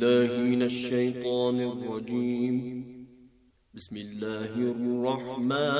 بالله من الشيطان الرجيم بسم الله الرحمن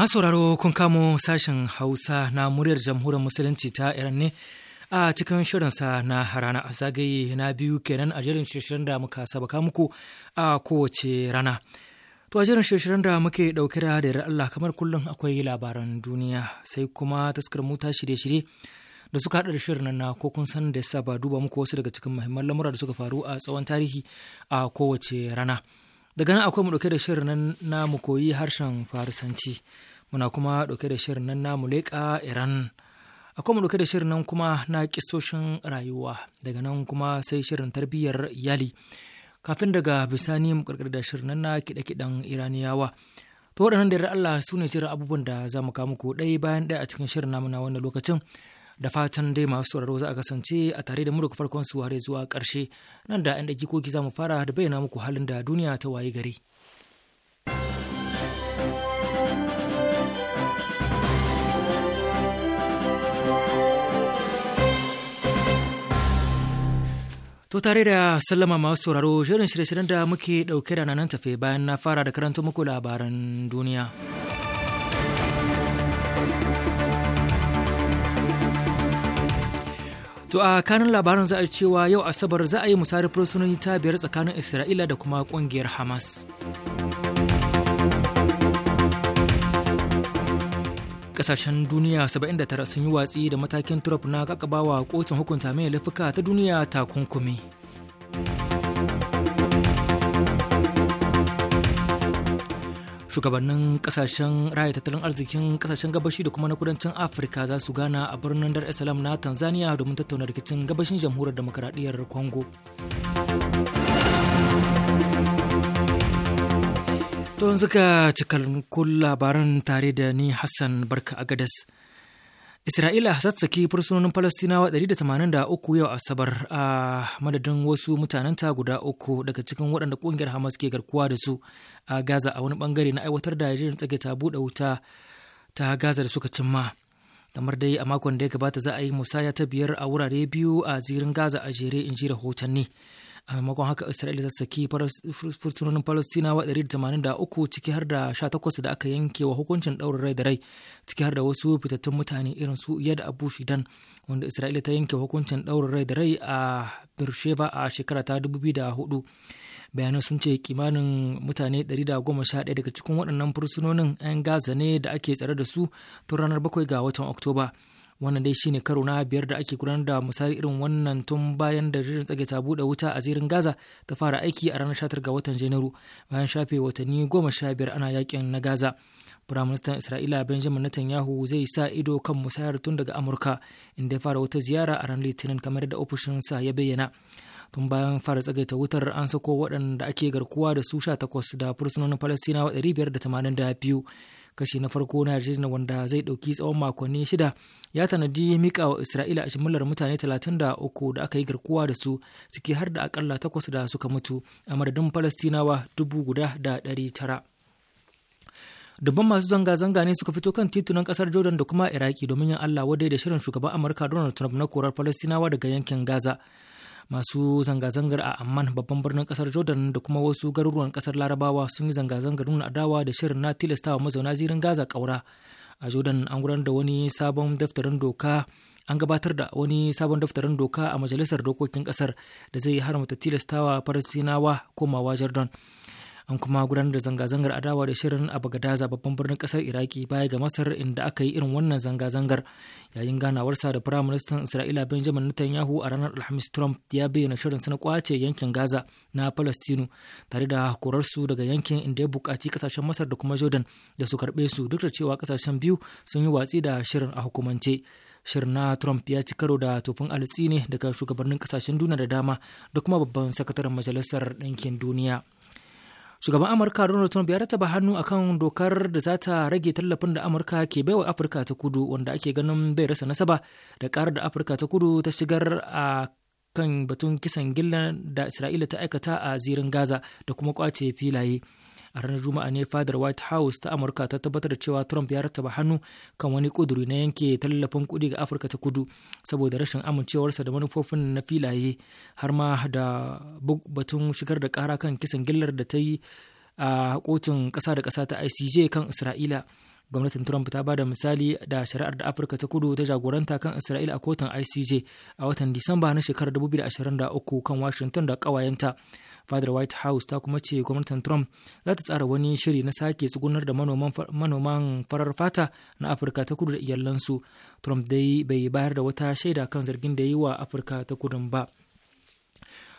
Masu sauraro kun kamo sashen Hausa na muryar jamhuriyar Musulunci ta Iran ne a cikin shirinsa na rana a zagaye na biyu kenan a jirin shirin da muka sabaka muku a kowace rana. To a jirin shirin da muke dauki da yarda Allah kamar kullum akwai labaran duniya sai kuma taskar mota shirye-shirye da suka haɗa da shirin na ko kun san da sa ba duba muku wasu daga cikin muhimman lamura da suka faru a tsawon tarihi a kowace rana. daga nan akwai mu dauke da shirin nan na mu koyi harshen farisanci muna kuma ɗauke da shirin nan na muleka iran akwai mu ɗauke da shirin nan kuma na kisoshin rayuwa daga nan kuma sai shirin tarbiyyar iyali kafin daga bisani mu karkar da shirin nan na kiɗe-kiɗen iraniyawa to waɗannan da Allah su ne shirin abubuwan da za mu kawo muku ɗaya bayan ɗaya a cikin shirin namu na wannan lokacin da fatan dai masu sauraro za a kasance a tare da mu daga farkon su har zuwa ƙarshe nan da 'yan dakikoki za mu fara da bayyana muku halin da duniya ta waye gari. To tare da sallama masu sauraro shirin shirye-shiryen da muke ɗauke da nan tafe bayan na fara da karanta muku labaran duniya. To a kanin labaran za a cewa yau Asabar za a yi musari fursunoni ta biyar tsakanin Isra'ila da kuma ƙungiyar Hamas. kasashen duniya 79 sun yi watsi da matakin trump na kakabawa kotun hukunta mai laifuka ta duniya takunkumi shugabannin kasashen raya tattalin arzikin kasashen gabashi da kuma na kudancin afirka za su gana a birnin dar es salaam na tanzania domin tattauna rikicin gabashin jamhuriyar demokaradiyyar congo To suka ka cikakkun labaran tare da ni Hassan Barka Agadas. Isra'ila ta saki fursunonin Falastinawa 183 yau Asabar a madadin wasu mutanen ta guda uku daga cikin waɗanda ƙungiyar Hamas ke garkuwa da su a Gaza a wani ɓangare na aiwatar da yajirin tsage ta buɗe wuta ta Gaza da suka cimma. Kamar dai a makon da ya gabata za a yi musaya ta biyar a wurare biyu a zirin Gaza a jere in ji rahotanni. a maimakon haka isra'ila ta saki fursunonin falastinawa 183 ciki har da 18 da aka yanke wa hukuncin ɗaurin rai da rai ciki har da wasu fitattun mutane irin su da abu shidan wanda isra'ila ta yanke hukuncin ɗaurin rai da rai a birsheba a shekara ta 2004 bayanan sun ce kimanin mutane 111 daga cikin waɗannan fursunonin 'yan gaza ne da ake tsare da su tun ranar 7 ga watan oktoba wannan dai shine karo na biyar da ake gudanar da misali irin wannan tun bayan da jirgin tsage ta bude wuta a zirin gaza ta fara aiki a ranar 19 ga watan janairu bayan shafe watanni goma sha biyar ana yakin na gaza Firaministan Isra'ila Benjamin Netanyahu zai sa ido kan musayar tun daga Amurka inda ya fara wata ziyara a ranar Litinin kamar da ofishinsa ya bayyana. Tun bayan fara tsagaita wutar an sako waɗanda ake garkuwa da su sha takwas da fursunonin Falastinawa biyu kashi na farko na yarjejeniyar wanda zai ɗauki tsawon makonni shida ya tanadi mika wa isra'ila a shimillar mutane 33 da aka yi garkuwa da su ciki har da akalla takwas da suka mutu a madadin falastinawa dubu guda da ɗari tara dubban masu zanga-zanga ne suka fito kan titunan kasar jordan da kuma iraki domin yin allah wadai da shirin shugaban amurka donald trump na korar falastinawa daga yankin gaza masu zanga-zangar a amman babban birnin kasar jordan da kuma wasu garuruwan kasar larabawa sun yi zanga-zangar nuna adawa da shirin na tilastawa mazauna zirin gaza kaura a jordan an gudanar da wani sabon daftarin doka an gabatar da wani sabon daftarin doka a majalisar dokokin kasar da zai haramta tilastawa farasinawa komawa jordan an kuma gudanar da zanga-zangar adawa da shirin a bagadaza babban birnin kasar iraki baya ga masar inda aka yi irin wannan zanga-zangar yayin ganawarsa da firayim ministan isra'ila benjamin netanyahu a ranar alhamis trump ya bayyana shirin na kwace yankin gaza na palestinu tare da korarsu daga yankin inda ya bukaci kasashen masar da kuma jordan da su karbe su duk da cewa kasashen biyu sun yi watsi da shirin a hukumance shirin na trump ya ci karo da tofin alitsi ne daga shugabannin kasashen duniya da dama da kuma babban sakataren majalisar ɗinkin duniya shugaban amurka donald trump ya rataba hannu akan dokar da za ta rage tallafin da amurka ke baiwa afirka ta kudu wanda ake ganin bai rasa nasaba da karar da afirka ta kudu ta shigar a kan batun kisan gillan da isra'ila ta aikata a zirin gaza da kuma kwace filaye a ranar juma'a ne fadar white house ta amurka ta tabbatar cewa trump ya rattaba hannu kan wani kuduri na yanke tallafin kudi ga afirka ta kudu saboda rashin amincewarsa da manufofin na filaye har ma da batun shigar da kara kan kisan gillar da ta yi a kotun kasa da kasa ta icj kan isra'ila gwamnatin trump ta bada misali da shari'ar da afirka ta kudu ta jagoranta kan isra'ila a kotun icj a watan disamba na shekarar 2023 kan washington da kawayenta fadar white house ta kuma ce gwamnatin trump za ta tsara wani shiri na sake tsugunar da manoman farar fata na afirka ta kudu da iyalansu trump dai bai bayar da wata shaida kan zargin da yi wa afirka ta kudu ba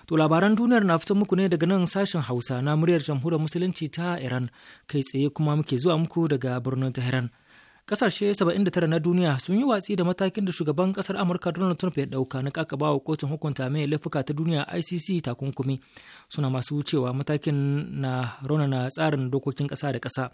To labaran duniyar na fito muku ne daga nan sashen Hausa na muryar jamhuriyar Musulunci ta Iran kai tsaye kuma muke zuwa muku daga birnin Tehran. Kasashe 79 na duniya sun yi watsi da matakin da shugaban kasar Amurka Donald Trump ya dauka na bawa kotun hukunta mai laifuka ta duniya ICC takunkumi suna masu cewa matakin na raunana tsarin dokokin kasa da kasa.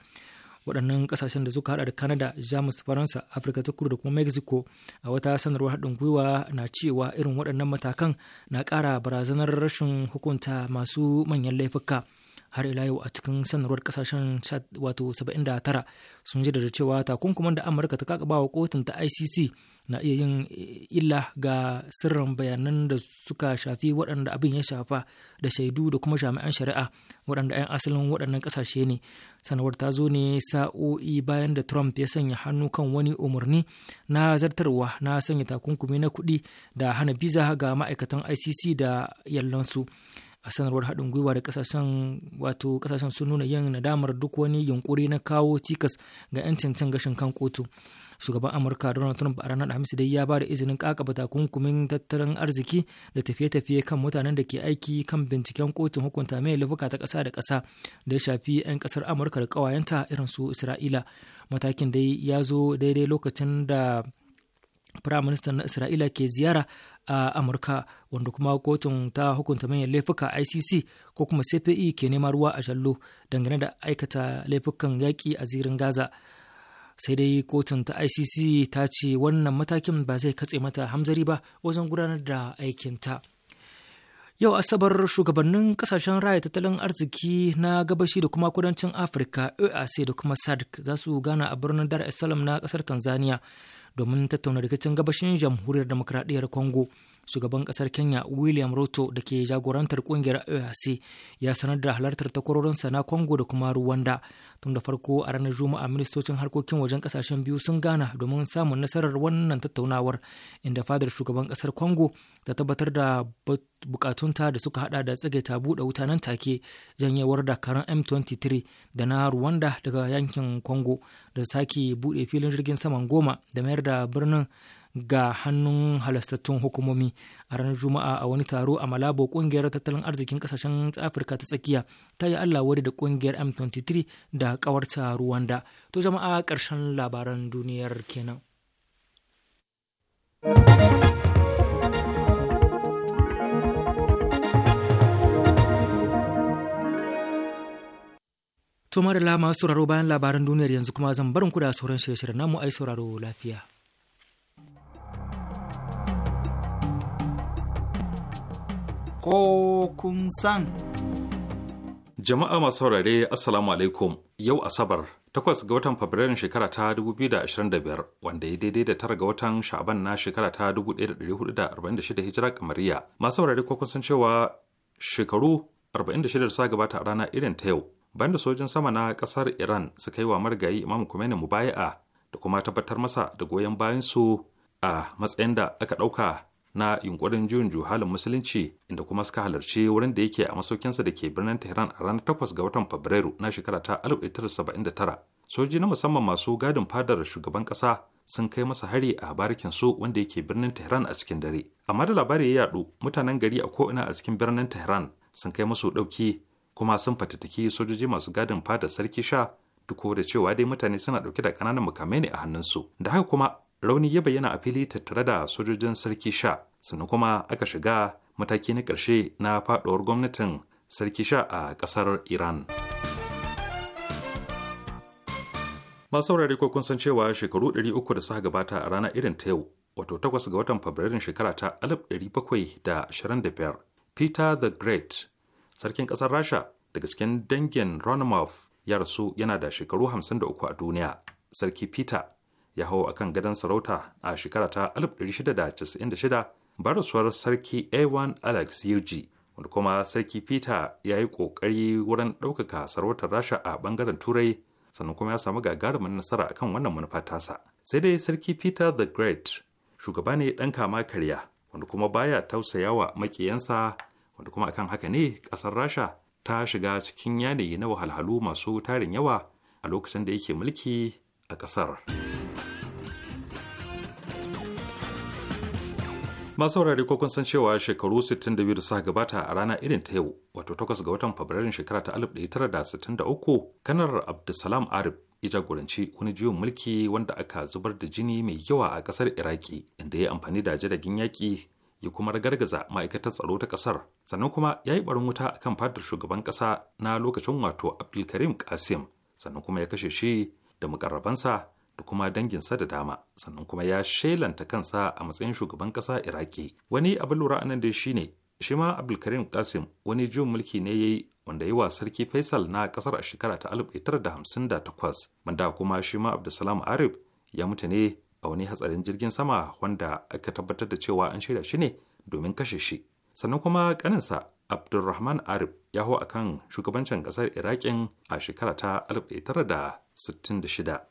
waɗannan kasashen da suka hada da Canada, Jamus, Faransa, Afirka ta Kudu da kuma Mexico a wata sanarwar haɗin gwiwa na cewa irin waɗannan matakan na ƙara barazanar rashin hukunta masu manyan laifuka. har ila yau a cikin sanarwar kasashen wato 79 sun jaddada cewa takunkuman da amurka ta kaka wa kotun ta icc na iya yin eh, illa ga sirrin bayanan da suka shafi waɗanda abin ya shafa da shaidu da kuma jami'an shari'a waɗanda 'yan asalin waɗannan ƙasashe ne sanarwar ta zo ne sa'o'i bayan da trump ya sanya hannu kan wani umarni na zartarwa na sanya takunkumi na kuɗi da hana biza ga ma'aikatan icc da yallansu. su a sanarwar haɗin gwiwa da kasashen wato kasashen sun nuna yin nadamar duk wani yunkuri na kawo cikas ga 'yancin can gashin kan kotu shugaban amurka donald trump a ranar alhamis dai ya ba da izinin kakaba takunkumin tattalin arziki da tafiye-tafiye kan mutanen da ke aiki kan binciken kotun hukunta mai lafuka ta kasa da kasa da ya shafi 'yan kasar amurka da ƙawayenta irin su isra'ila matakin dai ya zo daidai lokacin da firaministan na isra'ila ke ziyara a amurka wanda kuma kotun ta hukunta manyan laifuka icc ko kuma cpe ke neman ruwa a shallo dangane da aikata laifukan yaƙi a zirin gaza sai dai kotun ta icc ta ce wannan matakin ba zai katse mata hamzari ba wajen gudanar da aikinta yau asabar shugabannin kasashen raya tattalin arziki na gabashi da kuma kudancin afirka oac da kuma sadc za su gana a birnin dar es salaam na kasar tanzania domin tattauna rikicin gabashin jamhuriyar demokradiyyar congo shugaban kasar kenya william ruto da ke jagorantar kungiyar oic ya sanar da halartar takwarorinsa na congo da kuma ruwanda tun da farko a ranar juma'a ministocin harkokin wajen kasashen biyu sun gana domin samun nasarar wannan tattaunawar inda fadar shugaban kasar kongo ta tabbatar da bukatunta da suka hada da tsage ta buɗe wuta nan take janyewar dakarun m23 da na ruwanda daga yankin kongo da sake bude filin jirgin saman goma da mayar da birnin ga hannun halastattun hukumomi a ranar juma'a a wani taro a malabo kungiyar tattalin arzikin kasashen afirka ta tsakiya ta yi allah wadda da kungiyar m23 da kawarta ruwanda to jama'a karshen labaran duniyar kenan To mara lama sauraro bayan labaran duniyar yanzu kuma zan barin ku da sauran shirye-shiryen namu ai sauraro lafiya. ko kun san. Jama'a masu saurare Assalamu alaikum yau Asabar takwas ga watan Fabrairun shekara ta 2025 wanda ya daidai da tara ga watan shaban na shekara ta 1446 hijira kamariya. Masu saurare ko kun san cewa shekaru 46 sa gabata a rana irin ta yau bayan da sojin sama na kasar Iran suka yi wa marigayi Imam Khomeini mubaya'a da kuma tabbatar masa da goyon bayan su a matsayin da aka ɗauka na yunkurin juyin juhalin musulunci inda kuma suka halarci wurin da yake a masaukinsa da ke birnin tehran a ranar 8 ga watan fabrairu na shekara ta 1979 soji na musamman masu gadin fadar shugaban kasa sun kai masa hari a barikin su wanda yake birnin tehran a cikin dare amma da labari ya yadu mutanen gari a ko'ina a cikin birnin tehran sun kai masu dauki kuma sun fatattaki sojoji masu gadin fadar sarki sha duk da cewa dai mutane suna dauke da ƙananan mukamai ne a hannunsu da haka kuma rauni ya bayyana a fili tattare da sojojin sarki sha sannan kuma aka shiga mataki na ƙarshe na faɗuwar gwamnatin sarki sha a ƙasar iran masu saurare ko kun san cewa shekaru 300 da suka gabata a rana irin ta yau wato 8 ga watan fabrairun shekara ta 1725 peter the great sarkin ƙasar rasha daga cikin dangin ronimov ya rasu yana da shekaru 53 a duniya sarki peter ya hau kan gadon sarauta a shekara ta 1696 ba sarki a1 alex yuji wanda kuma sarki peter ya yi ƙoƙari wurin ɗaukaka sarautar rasha a ɓangaren turai sannan kuma ya samu gagarumin nasara a kan wannan manufa tasa sai dai sarki peter the great shugaba ne ɗan kama karya wanda kuma baya wa makiyansa wanda kuma akan haka ne ƙasar rasha ta shiga cikin yanayi na wahalhalu masu tarin yawa a lokacin da yake mulki a ƙasar. masu wurare ko kun san cewa shekaru 62 da suka gabata a rana irin ta yau wato 8 ga watan fabrairun shekara ta 1963 kanar abdulsalam arif ya jagoranci wani juyin mulki wanda aka zubar da jini mai yawa a kasar iraki inda ya yi amfani da jiragen yaƙi ya kuma ragargaza ma'aikatar tsaro ta kasar sannan kuma ya yi barin wuta akan fadar shugaban kasa na lokacin wato abdulkarim kasim sannan kuma ya kashe shi da mukarrabansa da kuma danginsa da dama sannan kuma ya shelanta kansa a matsayin shugaban ƙasa iraki wani abu lura anan dai shine shi ma abdulkarim kasim wani juyin mulki ne ya yi wanda yi wa sarki faisal na ƙasar a shekara ta 1958 wanda kuma shi ma abdulsalam arif ya mutu ne a wani hatsarin jirgin sama wanda aka tabbatar da cewa an shirya shi ne domin kashe shi sannan kuma kaninsa abdulrahman arif ya hau akan shugabancin ƙasar iraki a shekara ta shida.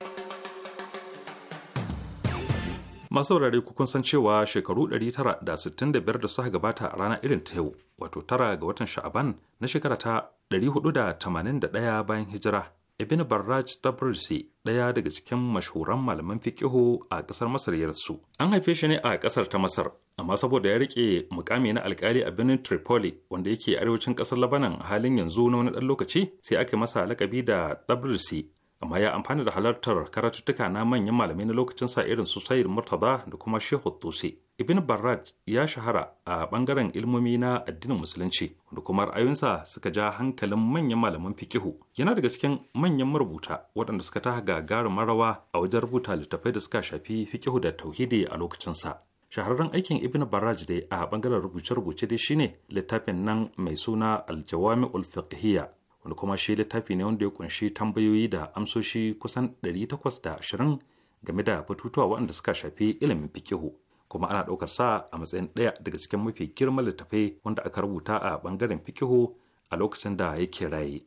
masu saurare ku kun san cewa shekaru 965 da suka gabata a rana irin ta yau wato tara ga watan sha'aban na shekara ta 481 bayan hijira ibn barraj tabrisi Daya daga cikin mashhuran malaman fiqihu a kasar masar ya rasu an haife shi ne a kasar ta masar amma saboda ya rike mukami na alkali a birnin tripoli wanda yake arewacin ƙasar labanan halin yanzu na wani ɗan lokaci sai aka masa lakabi da tabrisi amma ya amfani da halartar karatuttuka na manyan malamai na lokacin sa irin su Sayyid Murtaza da kuma Shehu Tusi. Ibn Barraj ya shahara a bangaren ilmomi na addinin musulunci da kuma ra'ayinsa suka ja hankalin manyan malaman fikihu. Yana daga cikin manyan marubuta waɗanda suka ta gagarin marawa a wajen rubuta littattafai da suka shafi fikihu da tauhidi a lokacin sa. shahararren aikin ibn barraj dai a bangaren rubuce-rubuce dai shine littafin nan mai suna aljawami ulfiqhiyya wanda kuma shi littafi ne wanda ya kunshi tambayoyi da amsoshi kusan 820 game da batutuwa waɗanda suka shafi ilimin fikihu kuma ana ɗaukar sa a matsayin ɗaya daga cikin mafi girman littafai wanda aka rubuta a ɓangaren fikihu a lokacin da yake raye.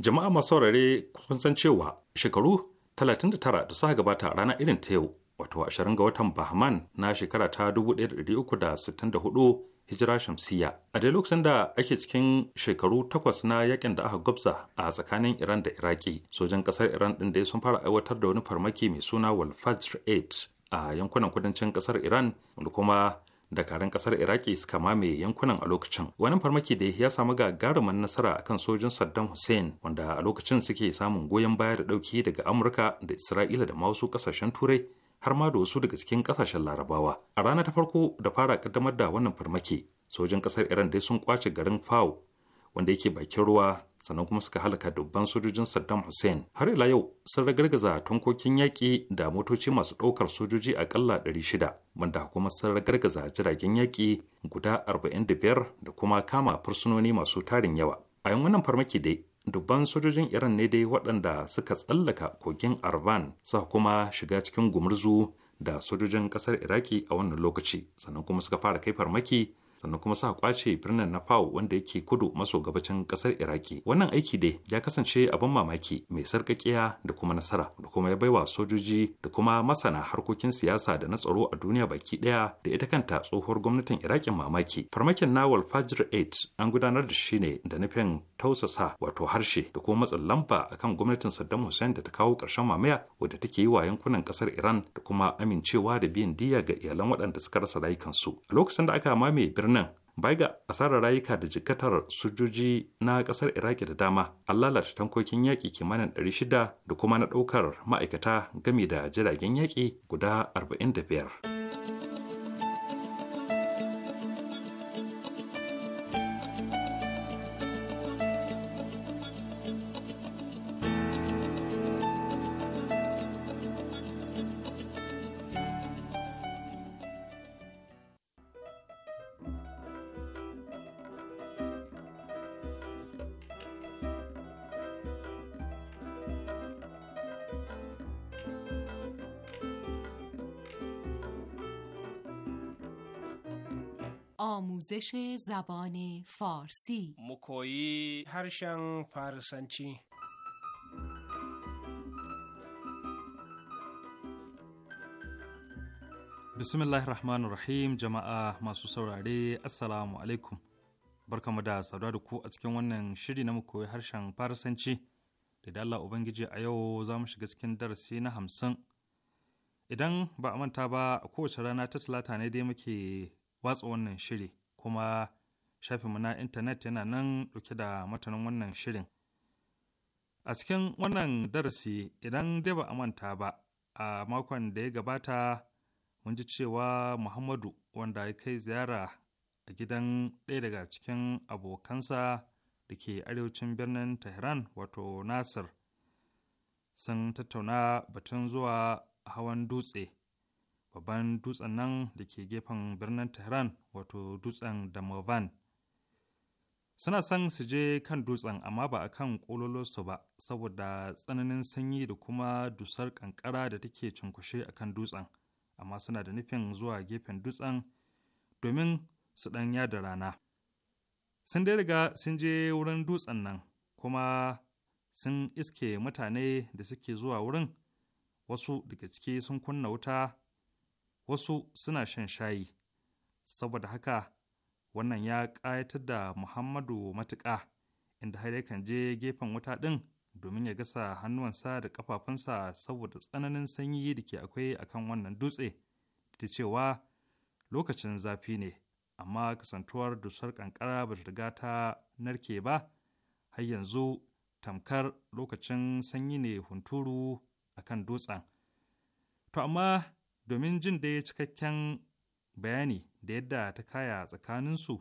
Jama'a masu saurare kun san cewa shekaru 39 da suka gabata rana irin ta yau wato 20 ga watan Bahman na shekara ta 1364 hijira shamsiyya a dai lokacin da ake cikin shekaru takwas na yakin da aka gwabza a tsakanin iran da iraki sojan kasar iran ɗin da sun fara aiwatar da wani farmaki mai suna walfajr 8 a yankunan kudancin kasar iran wanda kuma dakarun kasar iraki suka mamaye yankunan a lokacin wani farmaki da ya samu gagarumin nasara a kan sojin saddam hussein wanda a lokacin suke samun goyon baya da ɗauki daga amurka da isra'ila da masu kasashen turai har ma da wasu daga cikin kasashen larabawa a rana ta farko da fara kaddamar da wannan farmaki sojin kasar iran dai sun kwace garin fao wanda yake bakin ruwa sannan kuma suka halaka dubban sojojin saddam hussein har ila yau sun ragargaza tankokin yaƙi da motoci masu ɗaukar sojoji aƙalla shida wanda kuma sun ragargaza jiragen yaƙi guda 45 da kuma kama fursunoni masu tarin yawa a yan wannan farmaki dai dubban sojojin iran ne dai waɗanda suka tsallaka kogin arban suka kuma shiga cikin gumurzu da sojojin ƙasar iraki a wannan lokaci sannan kuma suka fara kai farmaki sannan kuma sa kwace birnin na Pau wanda yake kudu maso gabacin kasar Iraki. Wannan aiki dai ya kasance abin mamaki mai sarkakiya da kuma nasara da kuma ya baiwa sojoji da kuma masana harkokin siyasa da na tsaro a duniya baki daya da ita kanta tsohuwar gwamnatin Irakin mamaki. Farmakin Nawal Fajr 8 an gudanar da shi ne da nufin tausasa wato harshe da kuma matsin lamba akan gwamnatin Saddam Hussein da ta kawo ƙarshen mamaya wadda take yi wa yankunan kasar Iran da kuma amincewa da biyan diya ga iyalan waɗanda suka rasa rayukansu. A lokacin da aka mame birnin nan bai ga asarar rayuka da jikatar sojoji na kasar iraki da dama an lalata tankokin yaƙi kimanin 600 da kuma na ɗaukar ma'aikata gami da jiragen yaƙi guda 45 آموزش زبان فارسی مکویی هرشن فارسنچی بسم الله الرحمن الرحیم جماعه masu saurare assalamu alaikum barkamu da saduwa da ku a cikin wannan shiri na mu koyi harshen farisanci da Allah Ubangiji a yau za mu shiga cikin darasi na hamsin idan ba a manta ba a kowace rana ta talata ne dai muke watsa wannan shiri kuma shafinmu na intanet yana nan ɗauke da matanin wannan shirin. A cikin wannan darasi idan dai ba a manta ba a makon da ya gabata mun ji cewa Muhammadu wanda ya kai ziyara a gidan ɗaya daga cikin abokansa da ke arewacin birnin Tehran wato Nasir sun tattauna batun zuwa hawan dutse. babban dutsen nan da ke gefen birnin tehran wato dutsen damovan suna son su je kan dutsen amma ba a kan ƙololonsu ba saboda tsananin sanyi da kuma dusar ƙanƙara da take cinkushe a kan dutsen amma suna da nufin zuwa gefen dutsen domin su ɗan yada rana sun dai riga sun je wurin dutsen nan kuma sun iske mutane da suke zuwa wurin wasu daga ciki sun kunna wuta wasu suna shan shayi saboda haka wannan ya ƙayatar da muhammadu matuƙa inda har kan je gefen wuta ɗin domin ya gasa hannuwansa da ƙafafunsa saboda tsananin sanyi da ke akwai akan wannan dutse ta cewa lokacin zafi ne amma kasantuwar dusar ƙanƙara ba ta riga ta narke ba har yanzu tamkar lokacin sanyi ne hunturu akan dutsen to amma domin jin ya cikakken bayani da yadda ta kaya tsakaninsu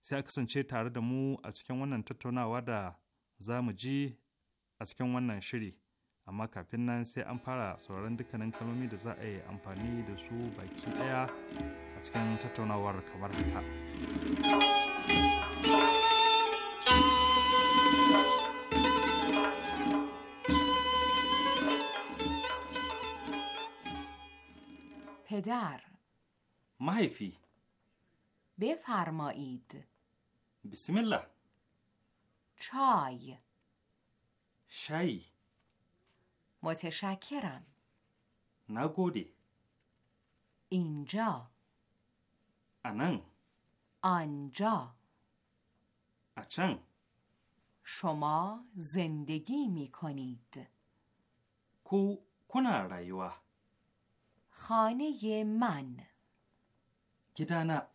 sai a kasance tare da mu a cikin wannan tattaunawa da za mu ji a cikin wannan shiri amma kafin nan sai an fara sauran dukkanin kalomi da za a yi amfani da su baki ɗaya a cikin tattaunawar kamar haka. پدر مافی بفرمایید بسم الله چای شای متشکرم نگودی اینجا انان آنجا اچن شما زندگی می کنید کو کنا رایوه خانه من گدانه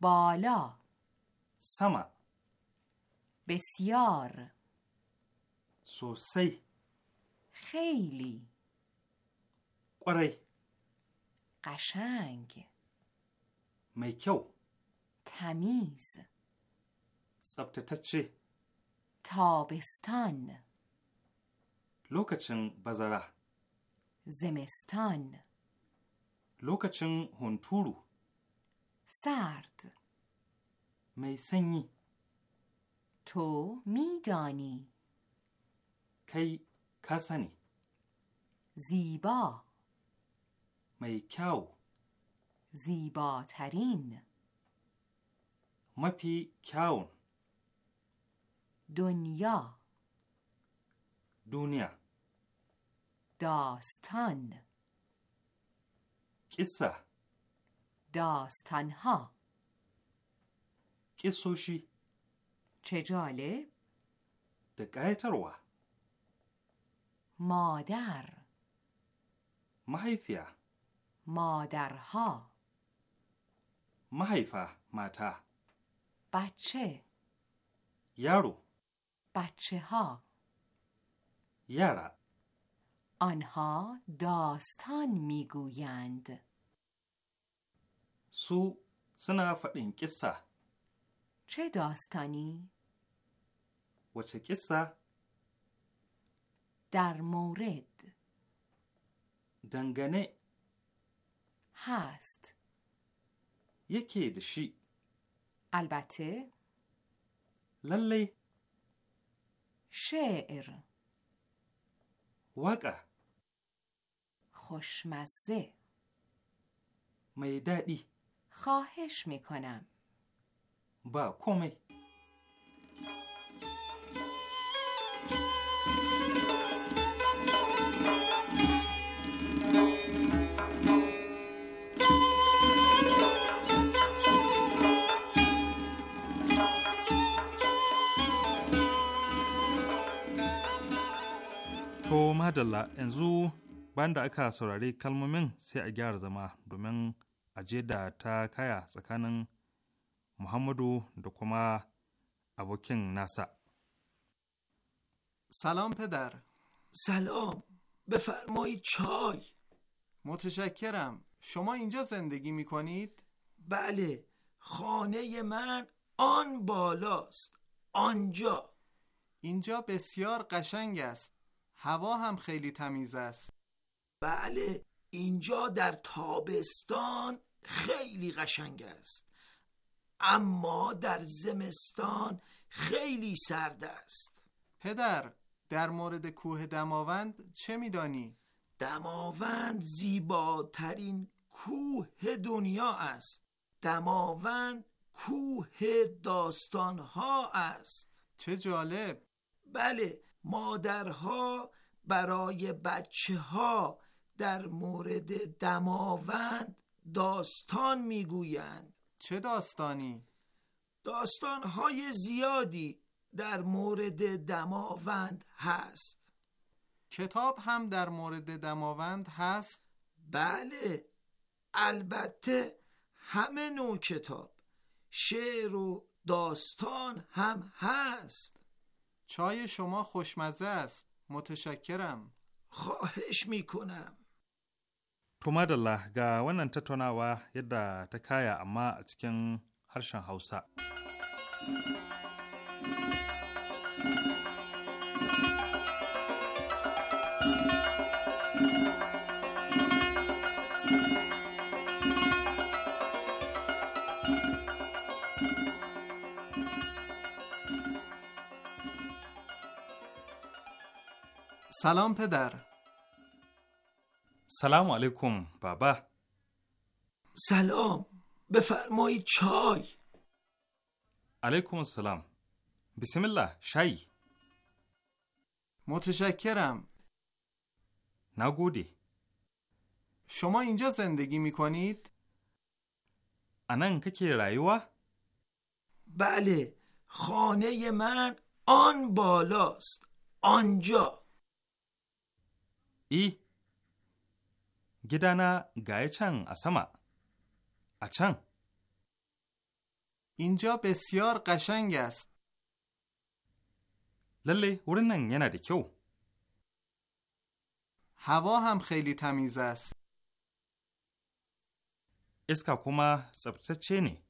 بالا سما بسیار سوسی خیلی قره قشنگ میکو تمیز سبتتچه تابستان لوکچن بزره زمستان lokacin hunturu sard mai sanyi to ne. kai kasani ziba mai kyau ziba tarin mafi kyawun Dunya. duniya Da da قصه داستانها کیسوشی چه جالب دقایتروا مادر محیفیه مادرها محیفه ماتا بچه یارو بچه ها یارا آنها داستان میگویند. سو سنا فدین قصه چه داستانی؟ و چه قصه؟ در مورد دنگنه هست یکی دشی البته للی شعر واقع خوشمزه میدادی خواهش می کنم با کومی To madalla yanzu bayan da aka saurari kalmomin sai a gyara zama domin da ta kaya tsakanin محمدو da kuma abokin سلام پدر سلام بفرمایید چای متشکرم شما اینجا زندگی می کنید؟ بله خانه من آن بالاست آنجا اینجا بسیار قشنگ است هوا هم خیلی تمیز است بله اینجا در تابستان خیلی قشنگ است اما در زمستان خیلی سرد است پدر در مورد کوه دماوند چه میدانی؟ دماوند زیباترین کوه دنیا است دماوند کوه داستان ها است چه جالب بله مادرها برای بچه ها در مورد دماوند داستان میگویند چه داستانی؟ داستانهای زیادی در مورد دماوند هست کتاب هم در مورد دماوند هست؟ بله البته همه نوع کتاب شعر و داستان هم هست چای شما خوشمزه است متشکرم خواهش میکنم To madalla ga wannan tattaunawa yadda ta kaya amma a cikin harshen Hausa. سلام پدر سلام علیکم بابا سلام بفرمایید چای علیکم السلام بسم الله شای متشکرم نگودی شما اینجا زندگی میکنید؟ کنید؟ انان که رایوه؟ بله خانه من آن بالاست آنجا ای گیدانا گای چن اسما اینجا بسیار قشنگ است لله ورنن ینا که کیو هوا هم خیلی تمیز است اسکا کما چه نی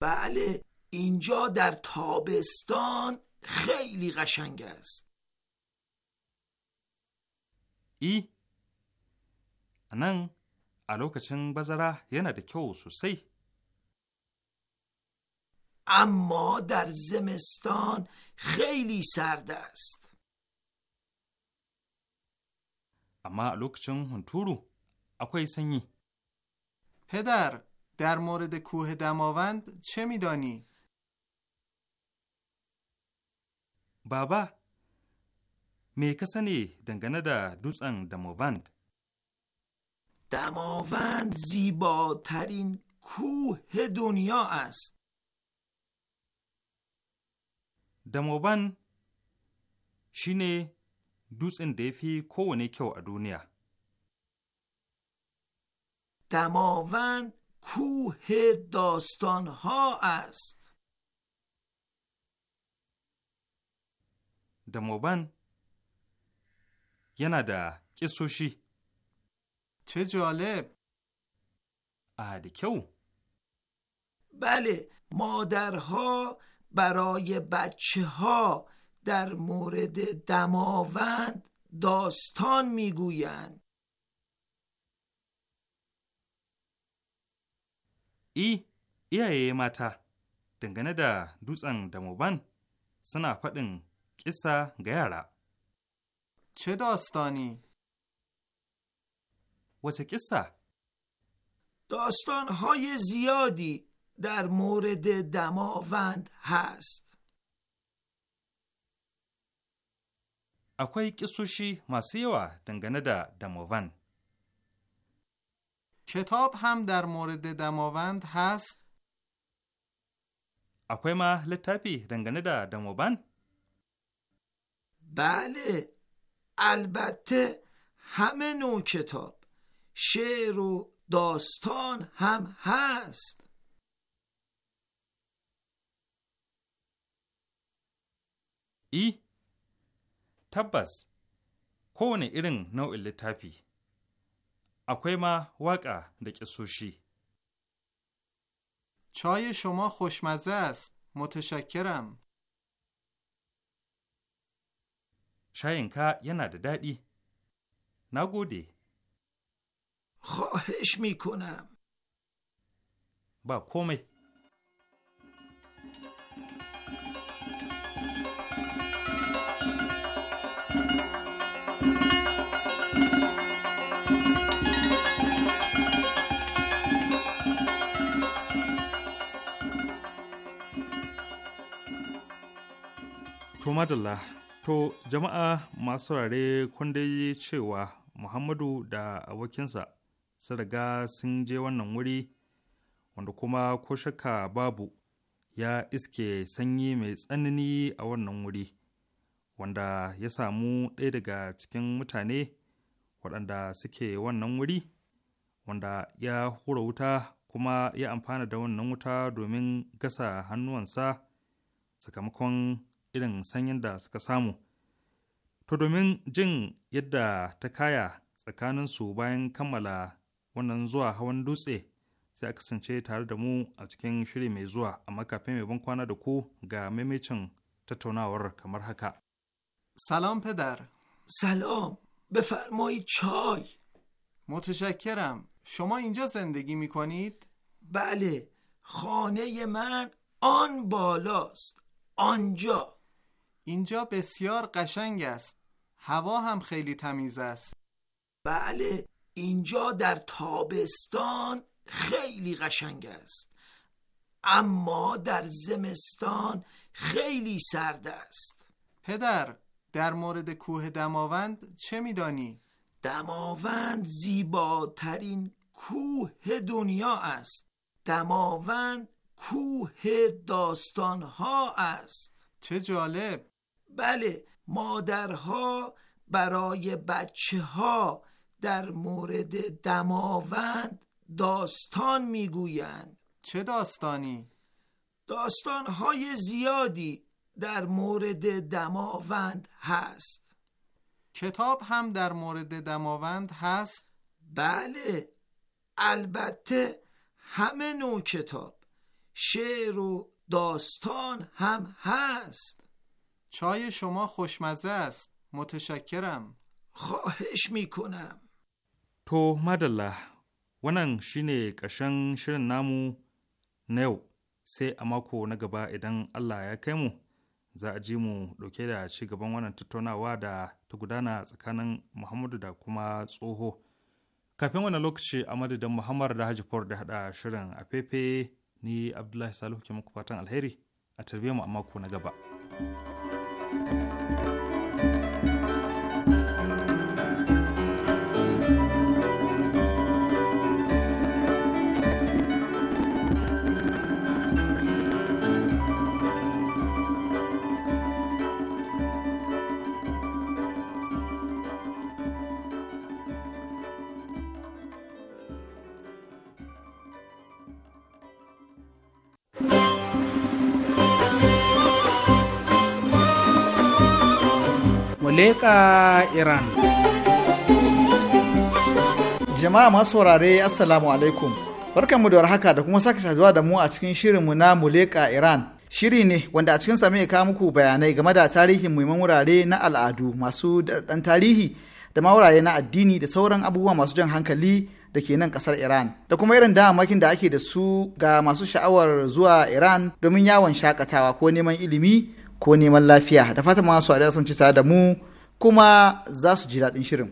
بله اینجا در تابستان خیلی قشنگ است ای a nan a lokacin bazara yana da kyau اما در زمستان خیلی سرد است اما لوکچن هنتورو اکوی سنی پدر در مورد کوه دماوند چه میدانی؟ بابا می کسانی دنگنه دا دوزن دماوند دماوند زیباترین کوه دنیا است دماوند شینه دوست da کوونه کیو دنیا kyau دماوند کوه داستان ها است. دماوند نده که چه جالب اهد بله، که بله مادرها برای بچه ها در مورد دماوند داستان میگویند ای iyaye mata در da dutsen damoban سنا faɗin ƙisa ga چه داستانی؟ wace kissa? داستانهای زیادی در مورد دماوند هست اکوی کسوشی سوشی yawa دنگنه da دماوند کتاب هم در مورد دماوند هست اکوی ما لطفی دنگنه دا دماوند بله البته همه نوع کتاب شعر و داستان هم هست ای تبس کون ایرن نو ایلی تاپی اکوی ما واقع سوشی چای شما خوشمزه است متشکرم شاینکا یه نده دادی دی. خواهش میکنم با komai. To madalla, to jama'a masu rare kun cewa Muhammadu da abokinsa sun riga sun je wannan wuri wanda kuma ko shakka babu ya iske sanyi mai tsanani a wannan wuri wanda ya samu ɗaya daga cikin mutane waɗanda suke wannan wuri wanda ya hura wuta kuma ya amfana da wannan wuta domin gasa hannuwansa sakamakon irin sanyin da suka samu to domin jin yadda ta kaya tsakaninsu bayan kammala wannan zuwa hawan dutse sai aka sance tare da mu a cikin shiri mai zuwa a makafin mai ban kwana da ku ga maimacin tattaunawar kamar haka. Salam پدر Salam, بفرمایید chai. متشکرم شما اینجا زندگی می کنید؟ بله خانه من آن بالاست آنجا اینجا بسیار قشنگ است هوا هم خیلی تمیز است بله اینجا در تابستان خیلی قشنگ است اما در زمستان خیلی سرد است پدر در مورد کوه دماوند چه میدانی؟ دماوند زیباترین کوه دنیا است دماوند کوه داستان ها است چه جالب بله مادرها برای بچه ها در مورد دماوند داستان میگویند چه داستانی؟ داستانهای زیادی در مورد دماوند هست کتاب هم در مورد دماوند هست؟ بله البته همه نوع کتاب شعر و داستان هم هست چای شما خوشمزه است متشکرم خواهش میکنم To madalla wannan shine ƙarshen shirin namu na yau sai a mako na gaba idan Allah ya kai mu za a ji mu ɗauke da ci gaban wannan tattaunawa da ta gudana tsakanin Muhammadu da kuma tsoho. Kafin wannan lokaci a madadin muhammadu da Haji da haɗa shirin a fefe ni Abdullahi Salihu ke muku fatan alheri a tarbiyyar mu a mako na gaba. thank you leƙa iran jama'a masu saurare assalamu alaikum mu da warhaka da kuma sake saduwa da mu a cikin shirinmu na muleka iran shiri ne wanda a cikin same ka muku bayanai game da tarihin muhimman wurare na al'adu masu dan tarihi da ma wurare na addini da sauran abubuwa masu jan hankali da ke nan kasar Iran da kuma irin damamakin da ake da su ga masu sha'awar zuwa Iran domin yawon shakatawa ko neman ilimi ko neman lafiya da fatan masu a sun ci tare da mu kuma za su ji daɗin shirin.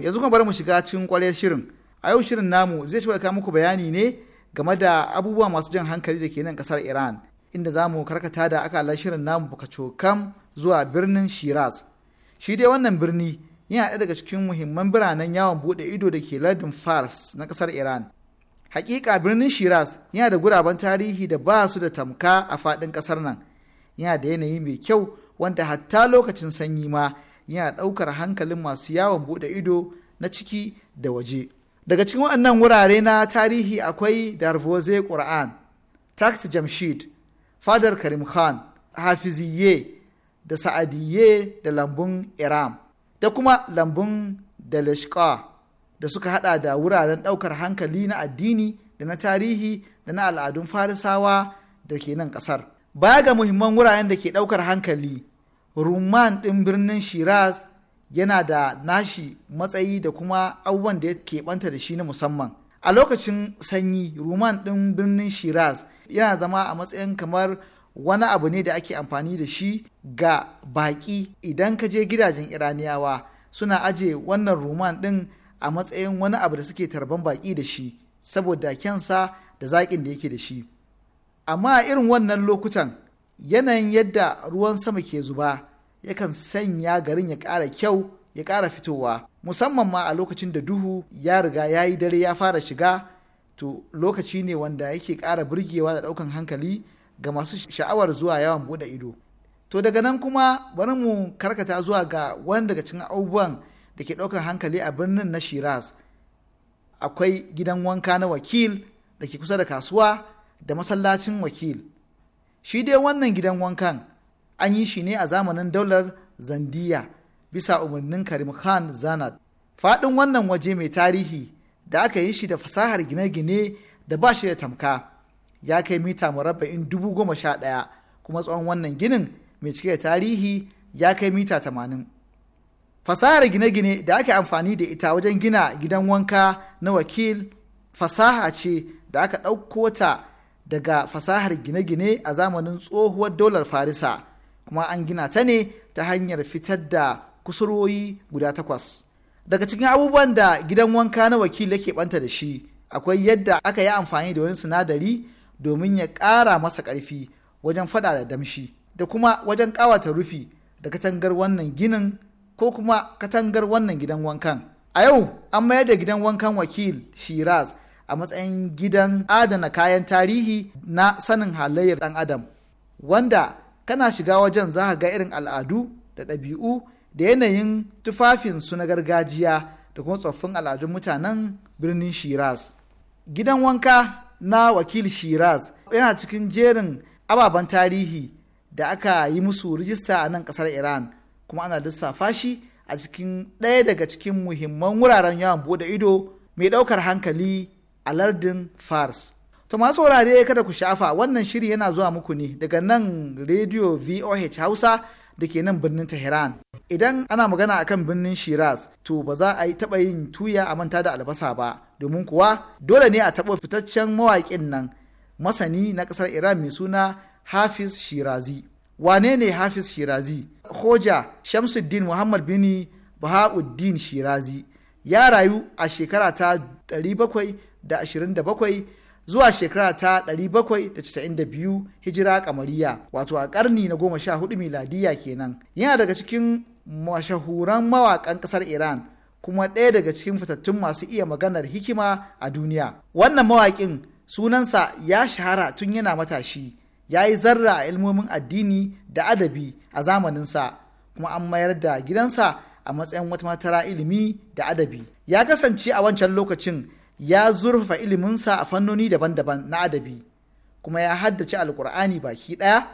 yanzu kuma bari mu shiga cikin kwarar shirin a yau shirin namu zai shi muku bayani ne game da abubuwa masu jan hankali da ke nan ƙasar iran inda za mu karkata da akalar shirin namu cokam zuwa birnin shiraz shi dai wannan birni yana ɗaya daga cikin muhimman biranen yawon buɗe ido da ke lardin fars na ƙasar iran hakika birnin shiraz yana da guraben tarihi da ba su da tamka a faɗin ƙasar nan yana da yanayi mai kyau wanda hatta lokacin sanyi ma yana ɗaukar hankalin masu yawon buɗe ido na ciki da waje daga cikin waɗannan wurare na tarihi akwai darvoze ƙur'an takt jamshid fadar karim khan hafiziyye da sa'adiyye da lambun iram da kuma lambun dalashka da suka hada da wuraren daukar hankali na addini da na tarihi da na al'adun farisawa da ke nan kasar baya ga muhimman wuraren da ke daukar hankali rumman din birnin shiraz yana da nashi matsayi da kuma abubuwan da ya keɓanta da shi na musamman a lokacin sanyi rumman din birnin shiraz yana zama a matsayin kamar wani abu ne da ake amfani da shi ga baƙi idan ka je gidajen iraniyawa suna aje wannan roman ɗin a matsayin wani abu da suke tarban baƙi da shi saboda kyansa da zaƙin da yake da shi amma irin wannan lokutan yanayin yadda ruwan sama ke zuba yakan sanya garin ya ƙara kyau ya ƙara fitowa musamman ma a lokacin da duhu ya riga ya yi dare ya fara shiga to lokaci ne wanda yake ƙara burgewa da ɗaukan hankali ga masu sha'awar zuwa yawan buɗe ido to daga nan kuma bari mu karkata zuwa ga wani daga cikin abubuwan da ke ɗaukan hankali a birnin na shiraz akwai gidan wanka na wakil da ke kusa da kasuwa da masallacin wakil shi dai wannan gidan wankan an yi shi ne a zamanin daular zandiya bisa umarnin karim khan zanat faɗin wannan waje mai tarihi da aka yi shi da fasahar gine-gine da ba shi da tamka ya kai mita murabba'in dubu goma sha ɗaya kuma tsawon wannan ginin mai cike da tarihi ya kai mita tamanin fasahar gine-gine da aka amfani da ita wajen gina gidan wanka na wakil fasaha ce da aka ɗauko ta daga fasahar gine-gine a zamanin tsohuwar dolar farisa kuma an gina ta ne ta hanyar fitar da kusurwoyi guda takwas. daga cikin abubuwan da gidan wanka na wakil yake banta da shi akwai yadda aka yi amfani da wani sinadari domin ya ƙara masa ƙarfi wajen faɗa da damshi da kuma wajen ƙawata rufi da katangar wannan ginin ko kuma katangar wannan gidan wankan a yau an mayar da gidan wankan wakil shiraz a matsayin gidan adana kayan tarihi na sanin halayyar ɗan adam wanda kana shiga wajen za ga irin al'adu da ɗabi'u da yanayin tufafinsu na gargajiya da kuma tsoffin al'adun mutanen birnin shiraz gidan wanka na wakil shiraz yana cikin jerin ababen tarihi da aka yi musu rijista a nan kasar iran kuma ana lissafa shi a cikin ɗaya daga cikin muhimman wuraren yawon bude ido mai ɗaukar hankali a lardin fars to masu wurare kada ku sha'afa wannan shiri yana zuwa muku ne daga nan radio voh hausa da ke nan birnin Tehran. Idan ana magana a kan birnin Shiraz, to ba za a yi taɓa yin tuya a manta da albasa ba, domin kuwa dole ne a taɓa fitaccen mawaƙin nan masani na ƙasar Iran mai suna Hafiz Shirazi. Wane ne Hafiz Shirazi? Hoja Shamsuddin Muhammad Bini Bahauddin Shirazi ya rayu a shekara ta 727 zuwa shekara ta 792 hijira kamariya wato a karni na 14 miladiya kenan yana daga cikin mashahuran mawakan kasar iran kuma ɗaya daga cikin fitattun masu iya maganar hikima a duniya wannan mawakin sunansa ya shahara tun yana matashi ya yi zarra a ilmomin addini da adabi a zamaninsa kuma an mayar da gidansa a matsayin wata matara ilimi da adabi ya kasance a wancan lokacin ya zurfa iliminsa a fannoni daban-daban na adabi kuma ya haddace alkur'ani baki ɗaya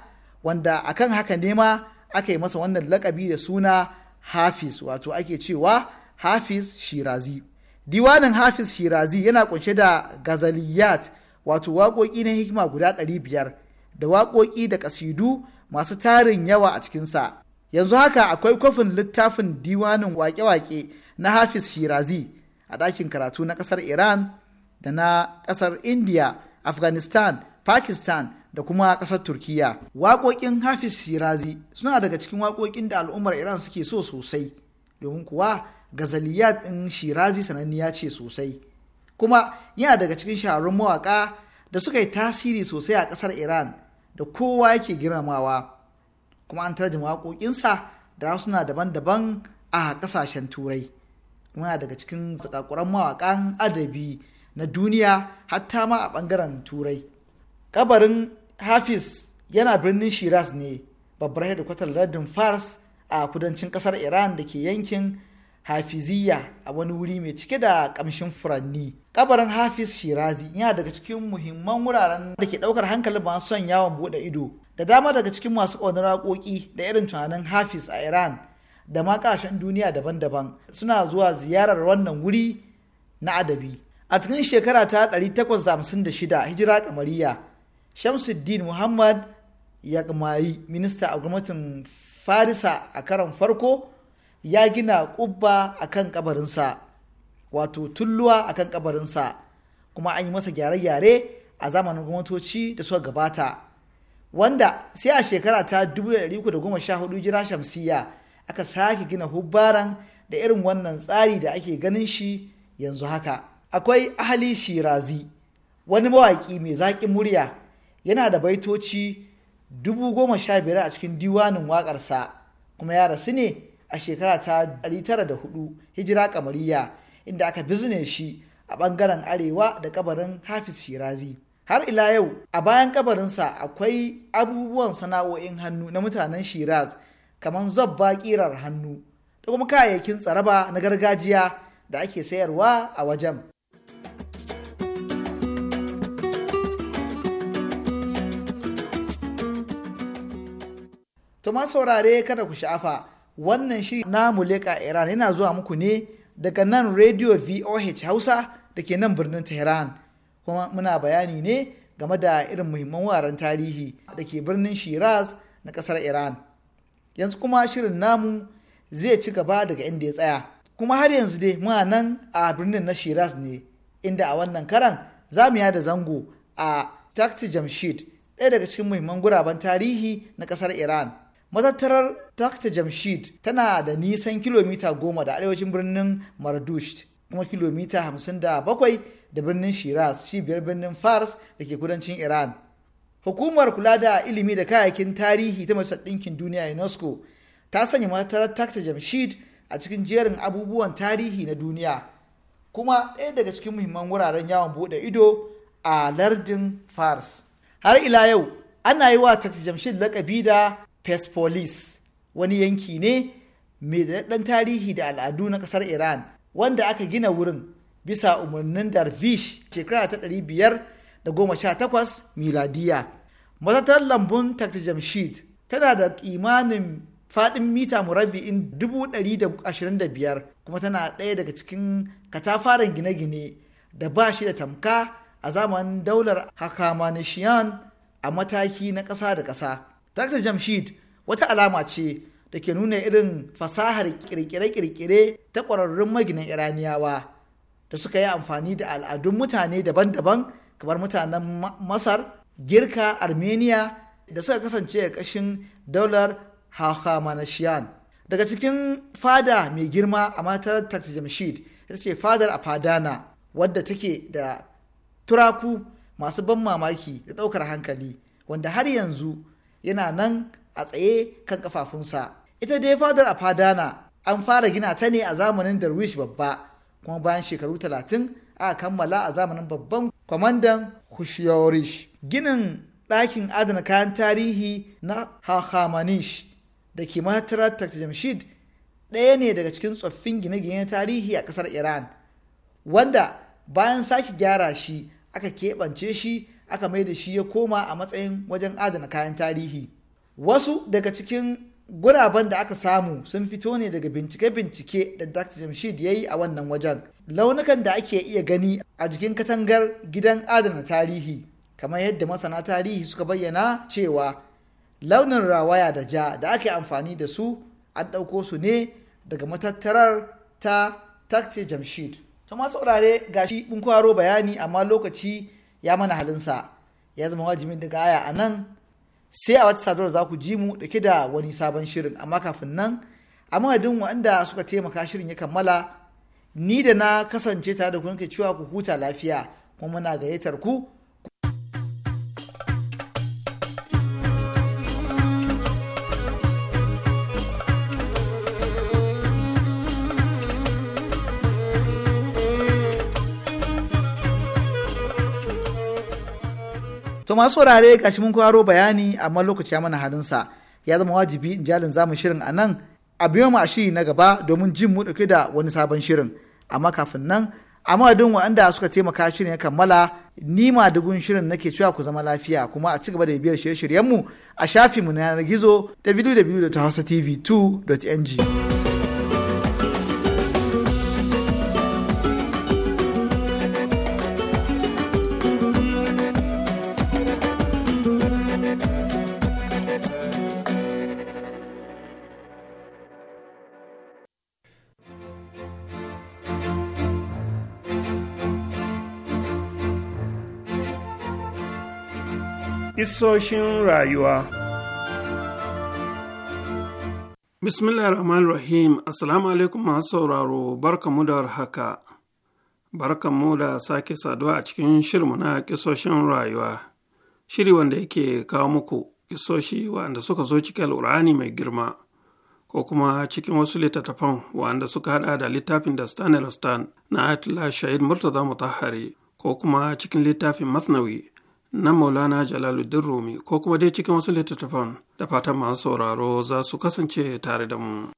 wanda akan haka nema aka yi masa wannan lakabi da suna hafiz wato ake cewa hafiz shirazi diwanin hafiz shirazi yana kunshe da gazaliyat wato waƙoƙi na hikima guda ɗari biyar da waƙoƙi da ƙasidu masu tarin yawa a cikinsa yanzu haka akwai kwafin littafin diwanin wake-wake na hafiz shirazi a ɗakin karatu na ƙasar iran da na ƙasar india afghanistan pakistan da kuma ƙasar turkiya waƙoƙin hafiz shirazi suna daga cikin waƙoƙin da al'ummar iran suke so sosai domin kuwa gazaliyat ɗin shirazi sananniya ce sosai kuma yana daga cikin shahararrun mawaƙa da suka yi tasiri sosai a ƙasar iran da kowa yake girmamawa kuma an tarjima waƙoƙinsa da rasuna daban-daban a ƙasashen turai kuma daga cikin zakakuran mawakan adabi na duniya hatta ma a bangaren turai kabarin hafiz yana birnin shiraz ne babbar hedikwatar lardin fars a kudancin kasar iran da ke yankin hafiziya a wani wuri mai cike da kamshin furanni kabarin hafiz shirazi yana daga cikin muhimman wuraren da ke daukar hankalin masu son yawon bude ido da dama daga cikin masu ƙaunar raƙoƙi da irin tunanin hafiz a iran da ma kasashen duniya daban-daban suna zuwa ziyarar wannan wuri na adabi a cikin shekara ta 856 hijira kamariya shamsuddin muhammad ya yakmayi minista a gwamnatin farisa a karon farko ya gina kubba a kan kabarinsa wato tulluwa a kan kabarinsa kuma an yi masa gyare-gyare a zamanin gwamnatoci da suka gabata wanda sai a shekara ta 1314 jira shamsiyya aka sake gina hubbaran da irin wannan tsari da ake ganin shi yanzu haka akwai ahali shirazi wani mawaƙi mai zaƙin murya yana da baitoci dubu goma sha biyar a cikin diwanin waƙarsa kuma ya rasu ne a shekara ta 904 hijira kamariya inda aka bizne shi a ɓangaren arewa da kabarin hafiz shirazi har ila yau a bayan kabarinsa akwai abubuwan sana'o'in hannu na mutanen shiraz kamar zabba kirar hannu da kuma kayayyakin tsaraba na gargajiya da ake sayarwa a wajen. Tuma saurare kada ku sha'afa wannan shi namu muleka Iran yana zuwa muku ne daga nan Radio VOH Hausa da ke nan birnin Tehran kuma muna bayani ne game da irin muhimman wuraren tarihi da ke birnin Shiraz na ƙasar Iran. yanzu kuma shirin namu zai ci gaba daga inda ya tsaya kuma har yanzu dai muna nan a birnin na shiraz ne inda a wannan karan za mu yada zango a takti jamshid ɗaya daga cikin muhimman guraben tarihi na ƙasar iran matattarar takti jamshid tana da nisan kilomita goma da arewacin birnin mardush kuma kilomita hamsin da bakwai da birnin shiraz cibiyar birnin fars da ke kudancin iran hukumar kula da ilimi da kayayyakin tarihi ta majalisar ɗinkin duniya unesco ta sanya matarar takta jamshid a cikin jerin abubuwan tarihi na duniya kuma ɗaya daga cikin muhimman wuraren yawon buɗe ido a lardin fars har ila yau ana yi wa takta jamshid lakabi da pespolis wani yanki ne mai daɗaɗɗen tarihi da al'adu na ƙasar Iran wanda aka gina wurin bisa umarnin Darvish shekara ta da 518 miladiya matatar lambun taxi jamshid tana da imanin faɗin mita murabbi'in 125 kuma tana ɗaya daga cikin katafaren gine-gine da ba shi da tamka a zamanin daular hakamanishiyan a mataki na ƙasa da ƙasa. Taxi jamshid wata alama ce da ke nuna irin fasahar ƙirƙire-ƙirƙire ta ƙwararrun maginan iraniyawa da suka yi amfani da al'adun mutane daban-daban kamar mutanen masar girka armenia da suka kasance a ƙashin daular hakamanashiyan daga cikin fada mai girma a matar takjamshid ita ce fadar a fadana wadda take da turaku masu ban mamaki da ɗaukar hankali wanda har yanzu yana nan a tsaye kan kafafunsa ita dai fadar a fadana an fara gina ta ne a zamanin darwish babba kuma bayan shekaru talatin aka kammala a zamanin babban kwamandan hushiyorish ginin ɗakin adana kayan tarihi na hahamanish da ke matarar jamshid ɗaya ne daga cikin tsoffin gine gine tarihi a ƙasar iran wanda bayan sake gyara shi aka keɓance shi aka mai da shi ya koma a matsayin wajen adana kayan tarihi wasu daga cikin guraben da aka samu sun fito ne daga bincike-bincike da dr jamshid ya yi a wannan wajen launukan da ake iya gani a jikin katangar gidan adana tarihi kamar yadda masana tarihi suka bayyana cewa launin rawaya da ja da ake amfani da su an ɗauko su ne daga matattarar ta takte jamshid to masu saurare ga shi mun kwaro bayani amma lokaci ya mana halinsa ya zama wajibin daga aya a nan sai a wata sadarwar za ku ji mu da da wani sabon shirin amma kafin nan a madadin wanda suka taimaka shirin ya kammala ni da na kasance tare da ku nake cewa ku huta lafiya kuma muna gayyatar ku masu wurare shi mun kwaro bayani amma lokaci ya mana sa ya zama wajibi in jalin zamu shirin a nan a biyo mu a shiri na gaba domin jin mu dauke da wani sabon shirin amma kafin nan a madadin waɗanda suka taimaka shirin ya kammala ni ma dugun shirin nake cewa ku zama lafiya kuma a ci gaba da biyar shirye-shiryenmu a shafinmu na yanar gizo www.hausatv2.ng. Kisoshin rayuwa Bismillah rahman rahim Assalamu alaikum masu sauraro barkamu da haka. Barkamu da sake saduwa a cikin shirmu na kisoshin rayuwa, shiri wanda yake kawo muku kisoshi waɗanda suka zo cikin al'urani mai girma, ko kuma cikin wasu littattafan waɗanda suka haɗa da littafin da Stan na Atila Shahid Murtaza Mutahari, ko kuma cikin littafin Masnawi na Maulana Jalaluddin Rumi ko kuma dai cikin wasu littattafan da fatan masu sauraro za su kasance tare da mu.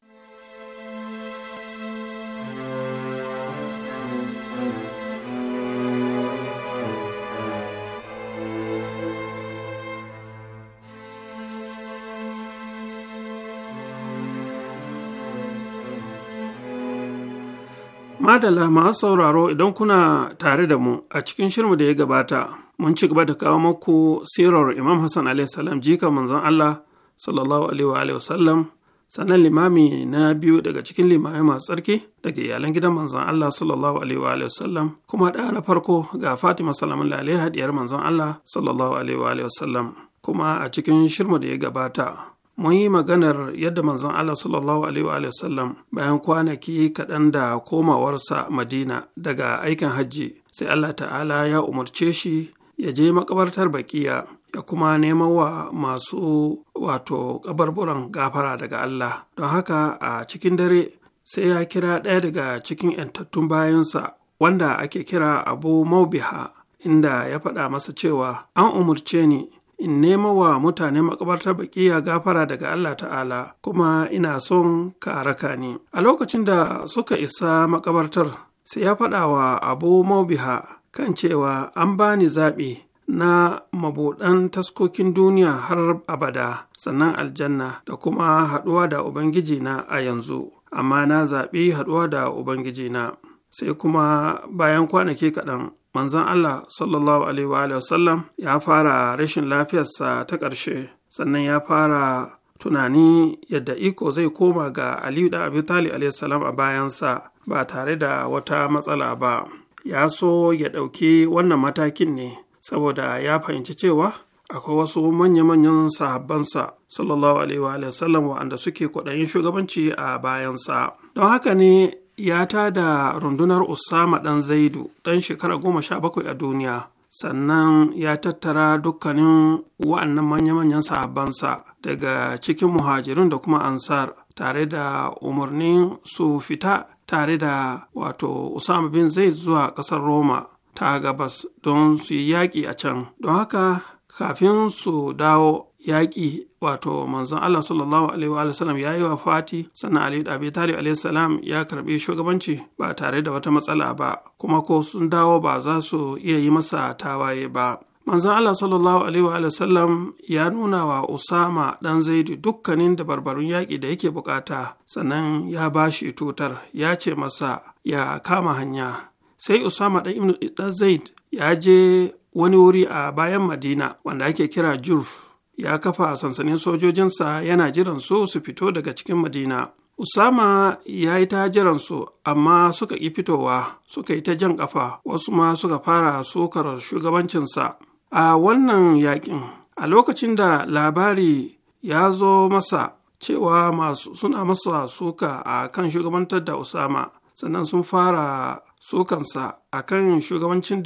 Madalla masu sauraro idan kuna tare da mu a cikin shirmu da ya gabata, mun ci gaba da kawo muku sirar Imam Hassan salam jika manzon Allah sallallahu alaihi wa sallam sannan limami na biyu daga cikin limamai masu tsarki daga iyalan gidan manzon Allah sallallahu alaihi wa sallam kuma da na farko ga Fatima salamun alihi hadiyar manzon Allah sallallahu alaihi wa sallam kuma a cikin shirmu da ya gabata mun yi maganar yadda manzon Allah sallallahu alaihi sallam bayan kwanaki kaɗan da komawarsa Madina daga aikin hajji sai Allah ta'ala ya umarce shi ya je makabartar bakiya ya kuma neman wa masu wato kabarburan gafara daga Allah don haka a cikin dare sai ya kira ɗaya daga cikin ‘yantattun bayansa wanda ake kira abu maubiha inda ya faɗa masa cewa an umarce ni in nema wa mutane makabartar ya gafara daga Allah ta'ala kuma ina son ka araka ni a lokacin da suka isa makabartar sai ya faɗa wa abu maubiha kan cewa an bani zaɓi na mabuɗan taskokin duniya har abada sannan aljanna da kuma haɗuwa da ubangijina a yanzu amma na zaɓi haɗuwa da ubangijina sai kuma bayan kwanaki kaɗan manzon Allah sallallahu alaihi sallam ya fara rashin lafiyarsa ta ƙarshe sannan ya fara tunani yadda iko zai koma ga Aliyu da Abi Talib alaihi salam a bayansa ba tare da wata matsala ba ya so ya ɗauki wannan matakin ne saboda ya fahimci cewa akwai wasu manya-manyan sahabbansa sallallahu alaihi wa sallam wa'anda suke kwaɗayin shugabanci a bayansa don haka ne ya ta da rundunar Usama ɗan Zaidu ɗan shekara goma sha bakwai a duniya, sannan ya tattara dukkanin wa'annan manya-manyan sahabbansa daga cikin muhajirin da kuma ansar tare da umarnin su fita tare da wato Usama bin Zaid zuwa ƙasar Roma ta gabas don su yi yaƙi a can. Don haka kafin su dawo yaƙi wato manzon Allah sallallahu alaihi wa sallam ya yi wa fati sannan Ali da Abi Talib alaihi salam ya karbi shugabanci ba tare da wata matsala ba kuma ko sun dawo ba za su iya yi masa tawaye ba manzon Allah sallallahu alaihi wa sallam ya nuna wa Usama dan Zaidu dukkanin dabarbarun yaƙi da yake bukata sannan ya bashi tutar ya ce masa ya kama hanya sai Usama dan Ibn Zaid ya je wani wuri a bayan Madina wanda ake kira Jurf ya kafa sansanin sojojinsa yana jiran su su fito daga cikin madina Usama ya yi ta su amma suka ƙi fitowa, suka yi ta jan ƙafa, wasu ma suka fara sokar shugabancinsa. A wannan yaƙin, a lokacin da labari ya zo masa cewa masu suna masa suka a kan shugabantar da Usama, sannan sun fara sukansa a kan shugabancin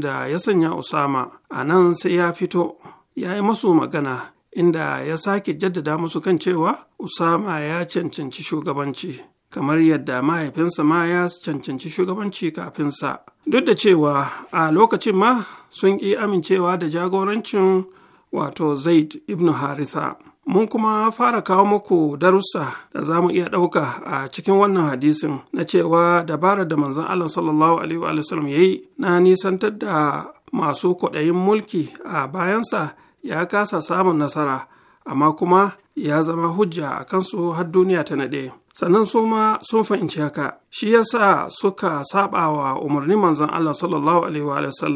da ya sanya Usama, a nan sai ya fito. ya yi masu magana inda ya sake jaddada musu kan cewa Usama ya cancanci shugabanci, kamar yadda mahaifinsa ma ya cancanci shugabanci kafinsa. Duk da cewa a lokacin ma sun ƙi amincewa da jagorancin wato Zaid ibn Haritha. Mun kuma fara kawo muku darussa da za mu iya ɗauka a cikin wannan hadisin na cewa dabarar da manzon Allah sallallahu Alaihi sallam ya yi na nisantar da masu kwaɗayin mulki a bayansa ya kasa samun nasara amma kuma ya zama hujja a kansu har duniya ta naɗe sannan su ma sun fahimci haka shi yasa suka saba wa umarnin manzon Allah sallallahu alaihi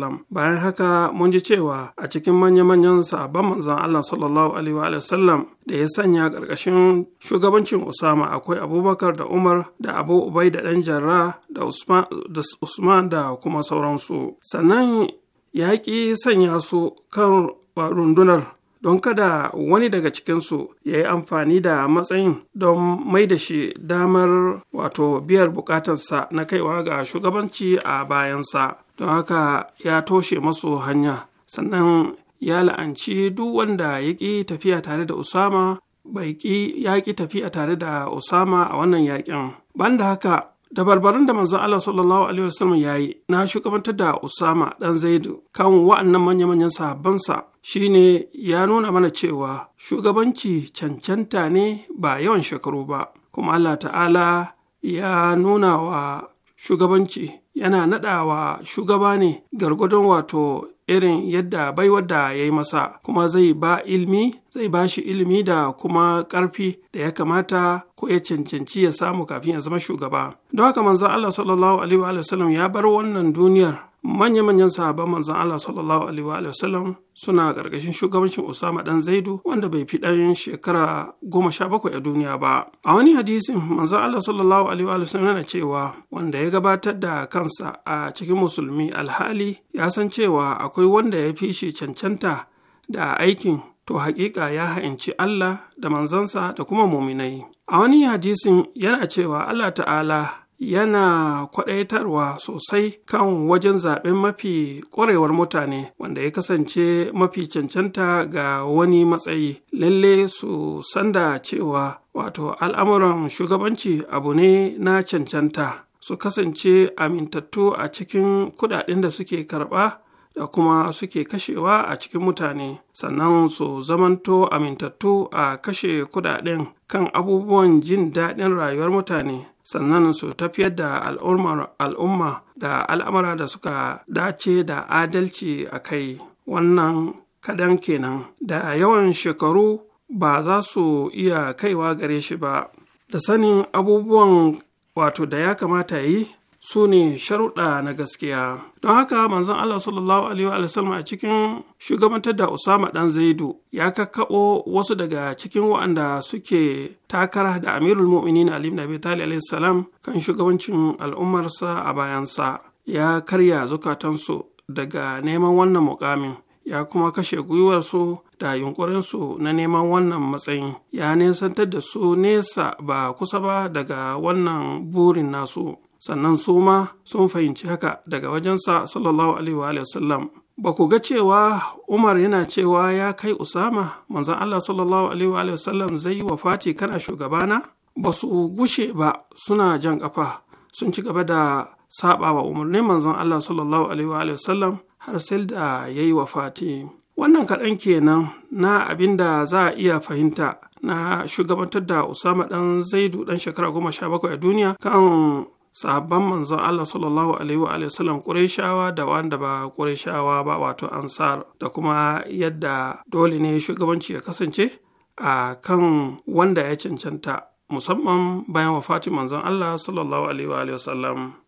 wa bayan haka mun ji cewa a cikin manya-manyan sabon manzon Allah sallallahu alaihi wa da ya sanya ƙarƙashin shugabancin Usama akwai Abubakar da Umar da Abu Ubai da ɗan Jarra da Usman da kuma sauransu sannan ya ƙi sanya su kan rundunar don kada wani daga cikinsu ya yi amfani da matsayin don mai da shi damar wato biyar bukatarsa na kaiwa ga shugabanci a bayansa don haka ya toshe masu hanya sannan ya la'anci duk wanda ya ƙi tafiya tare da usama bai ƙi ya ƙi tafiya tare da usama a wannan yaƙin banda haka dabarbarun da manzon Allah sallallahu alaihi wasallam ya yi na shugabantar da Usama ɗan Zaidu kan wa'annan manya-manyan sahabbansa shine ya nuna mana cewa shugabanci cancanta ne ba yawan shekaru ba kuma Allah ta'ala ya nuna wa shugabanci yana naɗawa shugaba ne gargadon wato irin yadda bai wadda ya yi masa kuma zai ba ilmi zai ba shi ilimi da kuma ƙarfi da ya kamata ko ya cancanci ya samu kafin ya zama shugaba don haka manzon Allah sallallahu alaihi wa sallam ya bar wannan duniyar manya-manyan sahaban manzan Allah sallallahu alaihi wa sallam suna ƙarƙashin shugabancin Usama dan Zaidu wanda bai fi ɗan shekara goma sha bakwai a duniya ba. A wani hadisin manzan Allah sallallahu alaihi wa sallam yana cewa wanda ya gabatar da kansa a cikin musulmi alhali ya san cewa akwai wanda ya fi shi cancanta da aikin to haƙiƙa ya ha'inci Allah da manzansa da kuma muminai. A wani hadisin yana cewa Allah ta'ala yana kwaɗaitarwa sosai kan wajen zaɓen mafi ƙwarewar mutane wanda ya kasance mafi cancanta ga wani matsayi lalle su sanda cewa wato al'amuran shugabanci abu ne na cancanta su kasance amintattu a cikin kuɗaɗen da suke karɓa da kuma suke kashewa a cikin mutane sannan su zamanto amintattu a kashe kuɗaɗen kan abubuwan jin daɗin rayuwar mutane sannan su tafiyar da al'umma da al'amura da suka dace da adalci a kai wannan kadan kenan da yawan shekaru ba za su iya kaiwa gare shi ba da sanin abubuwan wato da ya kamata yi su ne sharuɗa na gaskiya don haka manzon Allah sallallahu alaihi wa a cikin shugabantar da Usama ɗan Zaidu ya kakkaɓo wasu daga cikin waɗanda suke takara da Amirul Mu'minin Ali ibn Abi Talib alaihi kan shugabancin al'ummarsa a bayansa ya karya zukatansu daga neman wannan mukamin ya kuma kashe gwiwarsu da yunkurinsu na neman wannan matsayin ya nesantar da su nesa ba kusa ba daga wannan burin nasu sannan su ma sun fahimci haka daga wajensa sallallahu alaihi wa sallam ba ku ga cewa umar yana cewa ya kai usama manzon allah sallallahu alaihi wa sallam zai yi wafati kana shugabana ba su gushe ba suna jan kafa sun ci gaba da saba wa umarnin manzon allah sallallahu alaihi wa sallam har sai da ya yi wafati wannan kaɗan kenan na abin da za a iya fahimta na shugabantar da usama ɗan zaidu ɗan shekara goma sha bakwai a duniya kan sahabban manzon Allah sallallahu alaihi wa sallam Qurayshawa da wanda ba Qurayshawa ba wato Ansar da kuma yadda dole ne shugabanci ya kasance a kan wanda ya cancanta musamman bayan wafatin manzon Allah sallallahu alaihi wa sallam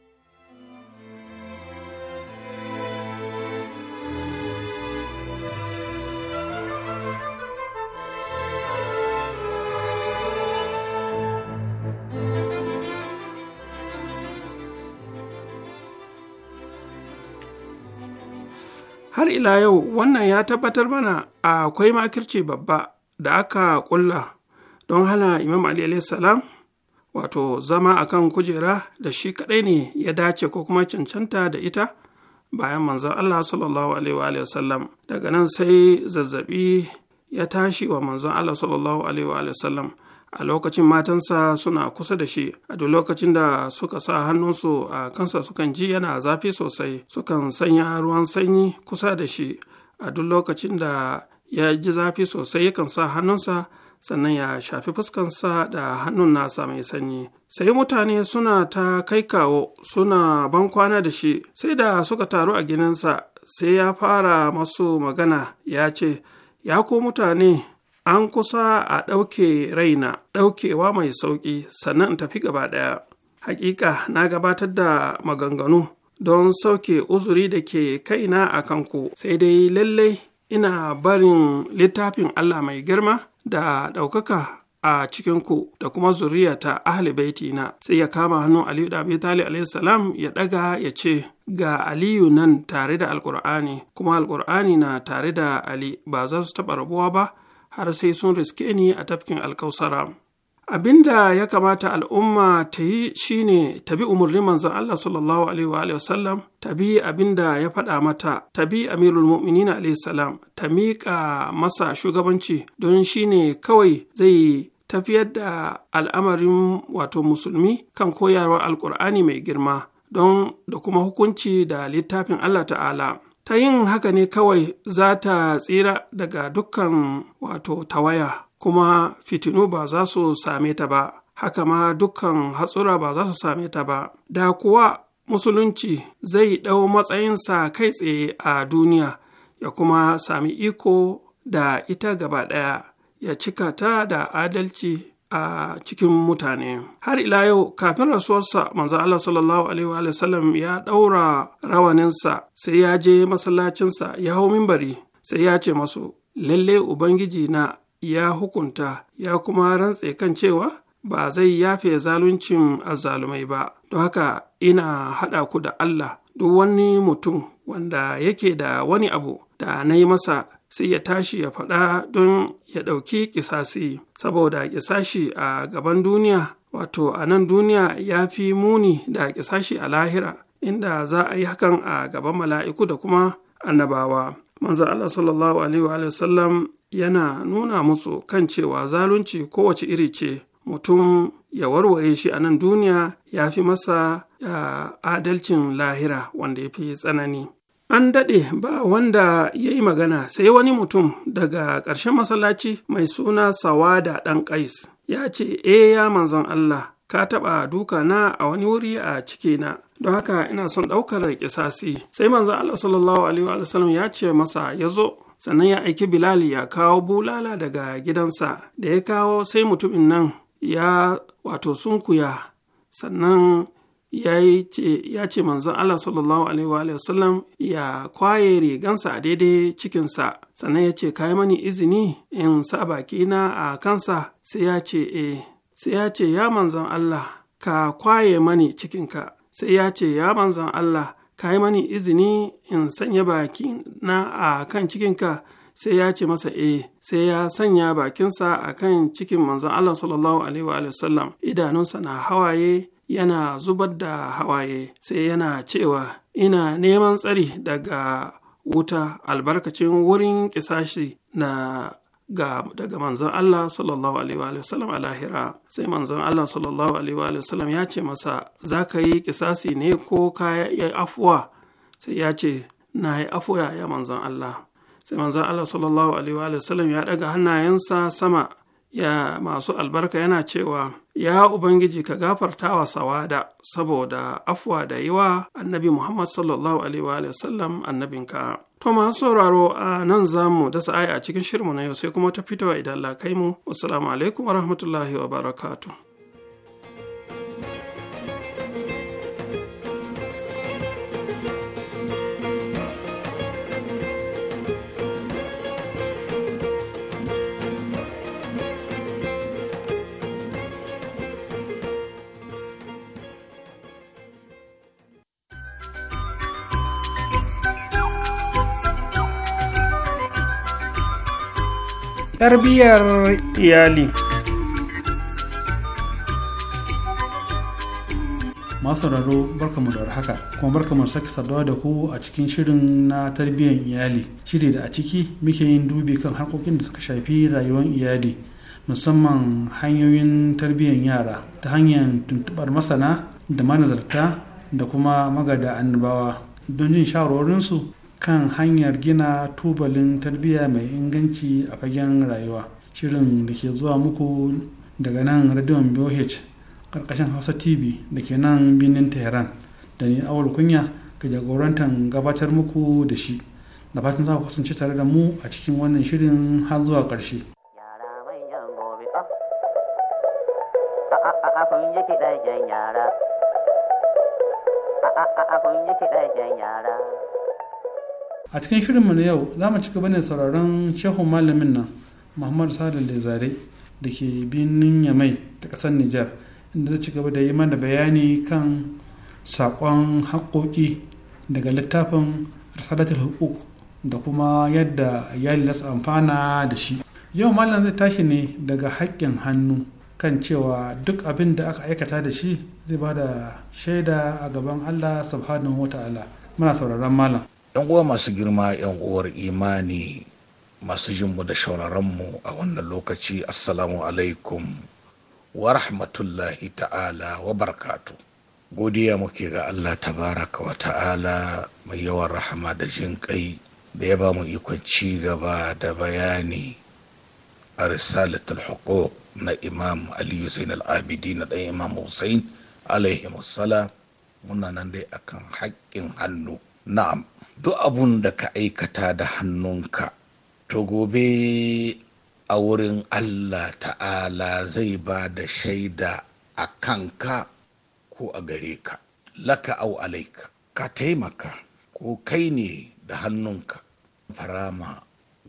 har ila yau wannan ya tabbatar mana akwai makirci babba da aka ƙulla don hana imam ali salam wato zama akan kujera da shi kadai ne ya dace ko kuma cancanta da ita bayan manzon Allah sallallahu alaihi wa daga nan sai zazzabi ya tashi wa manzon Allah sallallahu alaihi wa a lokacin matansa suna kusa da shi a duk lokacin da suka sa hannunsu a kansa sukan ji yana zafi sosai sukan sanya ruwan sanyi kusa da shi a duk lokacin da ya ji zafi sosai yakan sa hannunsa sannan ya shafi fuskansa da hannun nasa mai sanyi sai mutane suna ta kai kawo suna ban kwana da shi sai da suka taru a gininsa sai ya fara masu magana ya ce ya ku mutane an kusa a ɗauke raina ɗaukewa mai sauƙi sannan tafi gaba ɗaya hakika na gabatar da maganganu don sauke uzuri da ke kaina a kanku sai dai lallai ina barin littafin Allah mai girma da ɗaukaka a cikinku da kuma zuriyata ahli baitina sai ya kama hannun aliyu da abi salam ya ɗaga ya ce ga aliyu nan tare da alkur'ani kuma alkur'ani na tare da ali ba za su taɓa rabuwa ba har sai sun riske ni a tafkin alkausara abin da ya kamata al'umma ta yi shine ta bi umarnin manzon Allah sallallahu alaihi wa sallam, ta bi abin da ya faɗa mata ta bi amirul mu'minin alaihi salam ta miƙa masa shugabanci don shine kawai zai tafiyar da al'amarin wato musulmi kan koyarwar alkur'ani mai girma don da kuma hukunci da littafin Allah ta'ala ta yin haka ne kawai za ta tsira daga dukkan wato tawaya kuma fitinu ba za su same ta ba haka ma dukkan hatsura ba za su same ta ba da kuwa musulunci zai ɗau matsayinsa kai tsaye a duniya ya kuma sami iko da ita gaba ɗaya ya cika ta da adalci a cikin mutane har ila yau kafin rasuwarsa manzo Allah sallallahu alaihi wa sallam ya ɗaura rawaninsa sai ya je masallacinsa ya hau mimbari sai ya ce masu lalle ubangiji na ya hukunta ya kuma rantse kan cewa ba zai yafe zaluncin azzalumai ba don haka ina haɗa ku da Allah duk wani mutum wanda yake da wani abu da na yi masa sai ya tashi ya faɗa don ya ɗauki kisasi saboda ƙisashi a gaban duniya wato a nan duniya ya fi muni da ƙisashi a lahira inda za a yi hakan a gaban mala'iku da kuma annabawa manzo Allah sallallahu alaihi wa sallam yana nuna musu kan cewa zalunci kowace iri ce mutum ya warware shi a nan duniya ya fi masa adalcin lahira wanda ya fi tsanani an daɗe ba wanda ya yi magana sai wani mutum daga ƙarshen masallaci mai suna sawada ɗan ƙais ya ce e ya manzon allah ka taɓa duka na a wani wuri a ciki na don haka ina son ɗaukar ƙisasi sai manzon allah sallallahu alaihi wasallam ya ce masa ya zo sannan ya aiki bilal ya kawo bulala daga gidansa da ya kawo sai mutumin nan ya wato sunkuya sannan ya ce manzon Allah sallallahu alaihi wasallam ya kwaye rigansa a daidai cikinsa sannan ya ce kai mani izini in sa bakina a kansa sai ya ce e sai ya ce ya manzon Allah ka kwaye mani cikinka sai ya ce ya manzon Allah ka yi mani izini in sanya baki na a kan cikinka sai ya ce masa e sai ya sanya bakinsa a kan cikin manzon Allah sallallahu alaihi sallam idanunsa na hawaye yana zubar da hawaye sai yana cewa ina neman tsari daga wuta albarkacin wurin kisashi na ga daga manzon Allah sallallahu alaihi wa sallam a lahira sai manzon Allah sallallahu alaihi wa sallam ya ce masa za ka yi kisasi ne ko ka yi afuwa sai ya ce na yi afuwa ya manzon Allah sai manzon Allah sallallahu alaihi wa sallam ya daga hannayensa sama ya masu albarka yana cewa ya ubangiji ka gafarta wa sawada saboda afuwa da yi wa annabi muhammad sallallahu alaihi wa sallam annabinka to masu sauraro a nan za mu dasa aya a cikin shirmu na yau sai kuma ta fitowa idan la kai mu assalamu alaikum wa rahmatullahi wa barakatuh tarbiyyar iyali masu raro barkamu da haka kuma barka barkamu sake saduwa da ku a cikin shirin na tarbiyyar iyali shiri da a ciki muke yin dubi kan harkokin da suka shafi rayuwar iyali musamman hanyoyin tarbiyyar yara ta hanyar tuntubar masana da manazarta da kuma magada annabawa don jin shawarorinsu kan hanyar gina tubalin tarbiyya mai inganci a fagen rayuwa shirin da ke zuwa muku daga nan radion boh karkashin hausa tv da ke nan Binin tehran da ni awal kunya ga jagorantar gabatar muku da shi da fatan za ku kasance tare da mu a cikin wannan shirin har zuwa ƙarshe. yara a cikin shirinmu na yau za mu ci gaba ne sauraron shehu malamin nan muhammadu sadar da zare da ke binin yamai ta ƙasar nijar inda zai ci gaba da yi mana bayani kan saƙon haƙoƙi daga littafin risalatul hukuk da kuma yadda yali za amfana da shi yau malam zai tashi ne daga haƙƙin hannu kan cewa duk abin da aka aikata da shi zai ba da shaida a gaban allah subhanahu wa ta'ala muna sauraron malam yan uwa masu girma yan uwar imani masu jinmu da shauraronmu a wannan lokaci assalamu alaikum wa rahmatullahi ta'ala wa barkatu godiya muke ga allah tabaraka wa ta'ala mai yawan rahama da jin kai da ya ba mu ikon ci gaba da bayani a risalatul huquq na imam Aliyu hussein al-abidi na ɗan imam hussein alaihi muna nan dai akan haƙƙin hannu na'am duk abun da ka aikata da hannunka to gobe a wurin allah ta'ala zai ba da shaida a kanka ko a gare ka laka au alaika ka taimaka ko kai ne da hannunka farama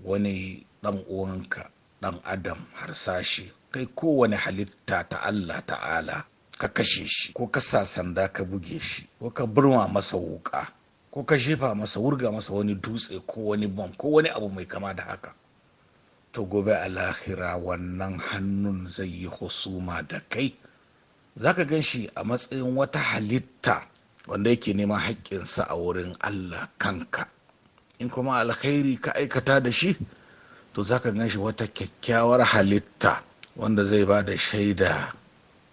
wani ɗan uwanka ɗan adam harsashi kai kowane halitta ta allah ta'ala ka kashe shi ko ka sa sanda ka buge shi ko ka burma masa wuka ko ka shefa masa wurga masa wani dutse ko wani bom ko wani abu mai kama da haka to gobe a lahira wannan hannun zai yi husuma da kai za ka gan shi a matsayin wata halitta wanda yake neman haƙƙinsa a wurin allah kanka in kuma alkhairi ka aikata da shi to za ka gan shi wata kyakkyawar halitta wanda zai ba da shaida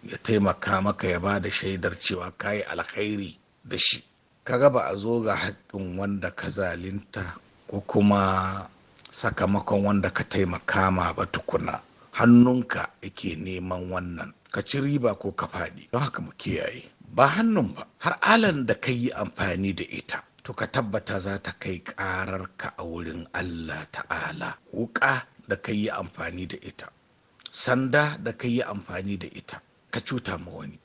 ya taimaka maka ya ba da shaidar cewa ka yi alkhairi da shi Ka ba a zo ga haƙƙin wanda ka zalinta ko kuma sakamakon wanda ka taimaka ma ba tukuna hannunka yake neman wannan ka ci riba ko ka faɗi don haka mu kiyaye ba hannun ba har alan da ka yi amfani da ita to ka tabbata za ta kai ƙararka a wurin allah ta'ala wuƙa da ka yi amfani da ita sanda da ka yi amfani da ita ka cuta ma wani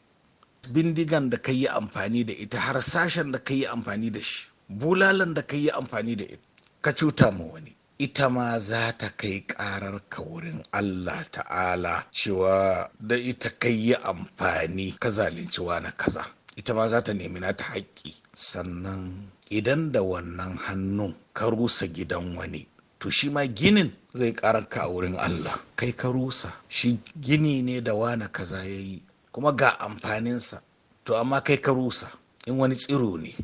bindigan da ka yi amfani da ita har sashen da ka yi amfani da shi bulalan da ka yi amfani da ita ka cuta ma wani ita ma za ta kai karar ka wurin Allah ta'ala cewa da ita ka yi amfani ka zalunci wani kaza ita ma za ta nemi nata haƙƙi sannan idan da wannan hannun ka rusa gidan wani to shi ma ginin zai karar ka a wurin Allah kai ka rusa shi gini ne da wani kaza ya yi kuma ga amfaninsa to amma kai ka rusa in wani tsiro ne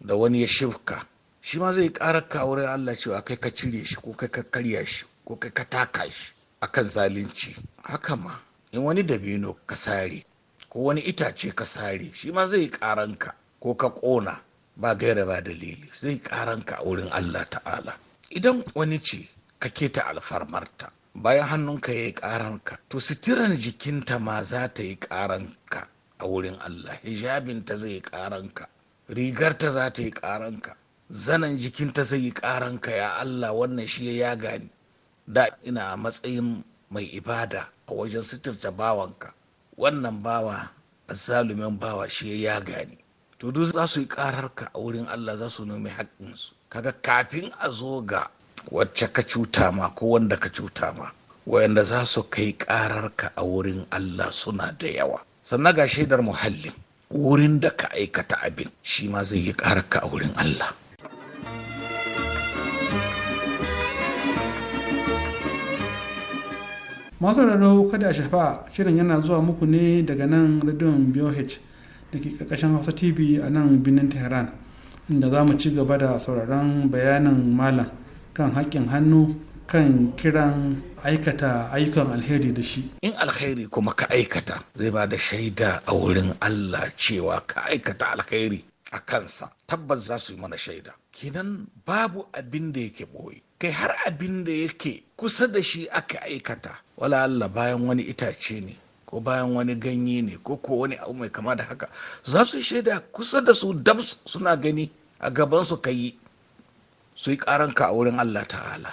da wani ya shifka shi ma zai ƙara wurin Allah cewa kai ka cire shi ko kai ka karya shi ko kai ka taka shi akan zalunci haka ma in wani dabino ka sare ko wani itace ka sare shi ma zai ƙaranka ko ka ƙona ba gaira ba dalili zai ƙaranka a wurin Allah ta'ala idan wani ce ka keta alfarmarta bayan hannunka ya yi ƙaranka to sitiran jikinta ma za ta yi ƙaranka a wurin Allah hijabinta zai yi ƙaranka rigarta za ta yi ƙaranka zanen jikinta zai yi ƙaranka ya Allah wannan shi ya gani da ina a matsayin mai ibada a wajen sitirta bawanka wannan bawa a zalumin bawa shi ya gani to duk za su yi ƙararka a wurin Allah za su nomi haƙƙinsu kaga kafin a zo ga wacce ka cuta ma ko wanda ka cuta ma wayanda za su kai ƙararka a wurin Allah suna da yawa sannan ga shaidar muhalli. wurin da ka aikata abin shi ma zai yi ƙararka a wurin Allah masu raro kada a shafa shirin yana zuwa muku ne daga nan radion BOH da ke ƙarƙashin Hausa TV a nan birnin Tehran inda za mu ci gaba da sauraron bayanin malam kan hakkin hannu kan kiran aikata ayyukan alheri da shi. In alheri kuma ka aikata zai ba da shaida a wurin Allah cewa ka aikata alheri a kansa tabbas za su yi mana shaida. Kinan babu abin da yake ɓoye. Kai har abin da yake kusa da shi aka aikata. Wala Allah bayan wani itace ne ko bayan wani ganye ne ko ko wani abu mai kama da haka za su shaida kusa da su dabs suna gani a gabansu ka yi su yi karanka a wurin allah ta'ala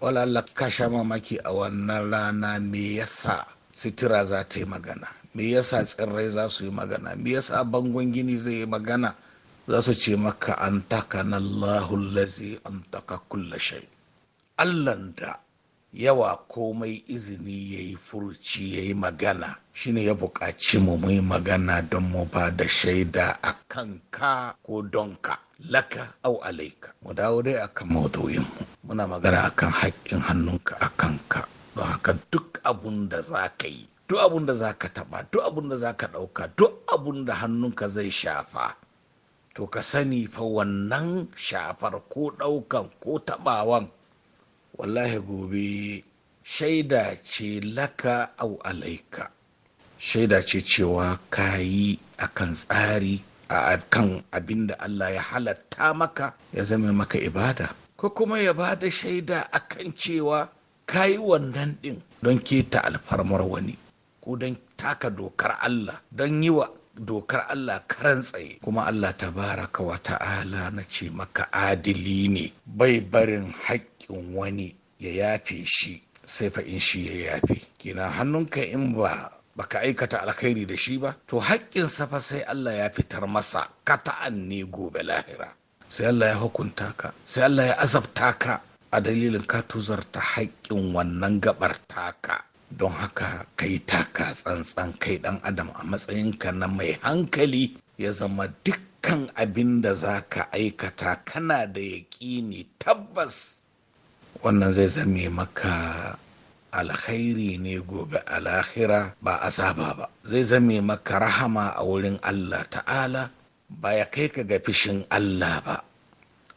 wala allah ka sha mamaki a wannan rana me yasa sitira za ta yi magana me yasa tsirrai za su yi magana me yasa bangon gini zai yi magana za su ce maka an taka na allahun lazi an taka kulla shai allan da yawa komai izini ya yi furuci ya yi magana shi ne ya buƙaci mu muyi magana don mu ba da shaida a kanka ko ka. laka au alaika mu dawo dai akan maudu'in muna magana akan haƙƙin hannunka a kanka don haka duk abun da za ka yi duk abun da za ka taɓa duk abun da za ka ɗauka duk abun da hannunka zai shafa to ka sani fa wannan shafar ko ɗaukan ko taɓawan wallahi gobe shaida ce laka au alaika shaida ce cewa ka yi a kan tsari a kan abin da Allah ya halatta maka ya zama maka ibada ko kuma ya ba da shaida a kan cewa ka yi wannan ɗin don keta alfarmar wani ko don taka dokar Allah don yi wa dokar Allah karan tsaye kuma Allah ta baraka wa ta'ala na ce maka adili ne bai barin haƙƙi in wani ya yafe shi sai fa in shi ya yafe kina hannunka in ba baka aikata alkhairi da shi ba to haƙƙin fa sai Allah ya fitar masa kata'an ne gobe lahira sai Allah ya hukunta ka sai Allah ya azabta ka a dalilin ka tuzarta haƙƙin wannan gabar taka don haka kai taka tsantsan kai dan adam a matsayinka na mai hankali ya zama dukkan abin da za ka aikata kana da yaƙini tabbas wannan zai zame maka alkhairi ne gobe a alakhira ba saba ba zai zame maka rahama a wurin allah ta'ala ba ya kai ka ga fishin allah ba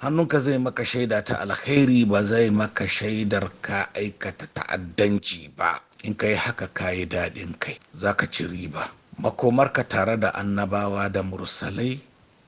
hannunka zai maka shaida ta alkhairi ba zai maka shaidar ka aikata ta'addanci ba in ka yi haka ka yi daɗin kai za ka ci riba makomarka tare da annabawa da mursalai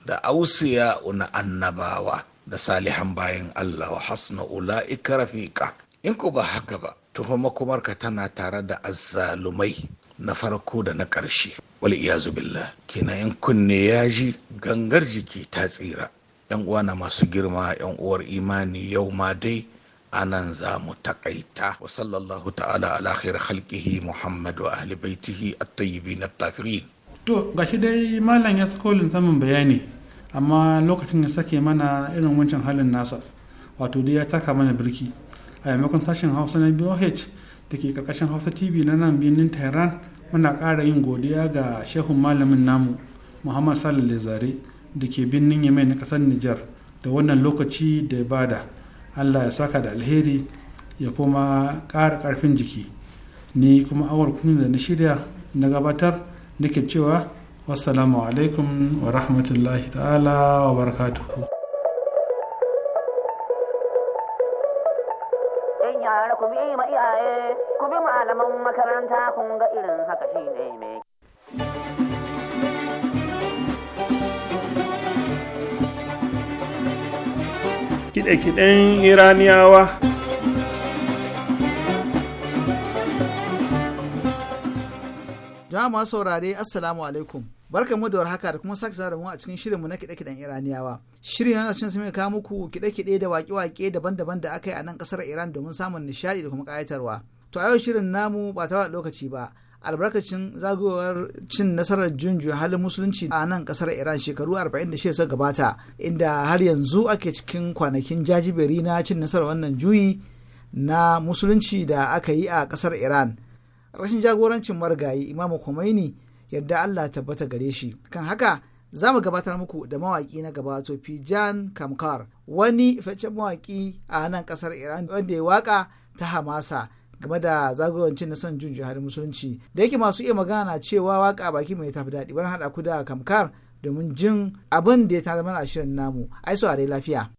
da ausiya na annabawa da salihan bayan Allah wa hasna ula'ika rafiqa in ku ba haka ba tufa makomarka tana tare da azzalumai na farko da na ƙarshe wal iyazu billah Kina yin kunne yaji gangar jiki ta tsira yan uwana masu girma yan uwar imani yau ma dai anan za mu takaita wa sallallahu ta'ala ala khair khalqihi muhammad wa ahli baitihi at-tayyibin at-tafirin to gashi dai malam ya skolin saman bayani amma lokacin ya sake mana irin wancan halin nasa wato dai ya taka mana birki a yamakon sashen hausa na boh da ke karkashin hausa tv na nan birnin tehran muna ƙara yin godiya ga shehun malamin namu muhammad salih zare da ke birnin yamai na ƙasar nijar da wannan lokaci da bada allah ya saka da alheri ya kuma kara ƙarfin jiki ni kuma awar kunin da na shirya na gabatar nake cewa wassalamu wa rahmatullahi ta'ala wa barakatuhu ku bi ma iyaye ku bi malaman makaranta kun ga irin haka shi ne mai kiɗe-kiɗen iraniyawa jama'a saurare assalamu alaikum barka mu da haka da kuma sake da mu a cikin shirinmu na kiɗe-kiɗen iraniyawa shirin na sashen sun kawo muku kiɗe-kiɗe da waƙe-waƙe daban-daban da aka yi a nan ƙasar iran domin samun nishaɗi da kuma ƙayatarwa to a yau shirin namu ba ta lokaci ba albarkacin zagayowar cin nasarar junju halin musulunci a nan kasar iran shekaru 46 suka gabata inda har yanzu ake cikin kwanakin jajiberi na cin nasarar wannan juyi na musulunci da aka yi a kasar iran rashin jagorancin marigayi imamu khomeini yadda Allah tabbata gare shi kan haka za mu gabatar muku da mawaƙi na gaba to Fijan Kamkar wani facen mawaƙi a nan ƙasar Iran wanda ya waka ta Hamasa game da zagayowancin na son jin jihar musulunci da yake masu iya magana cewa waka baki mai tafi daɗi bari haɗa ku da Kamkar domin jin abin da ya ta zama a shirin namu ai saurare lafiya.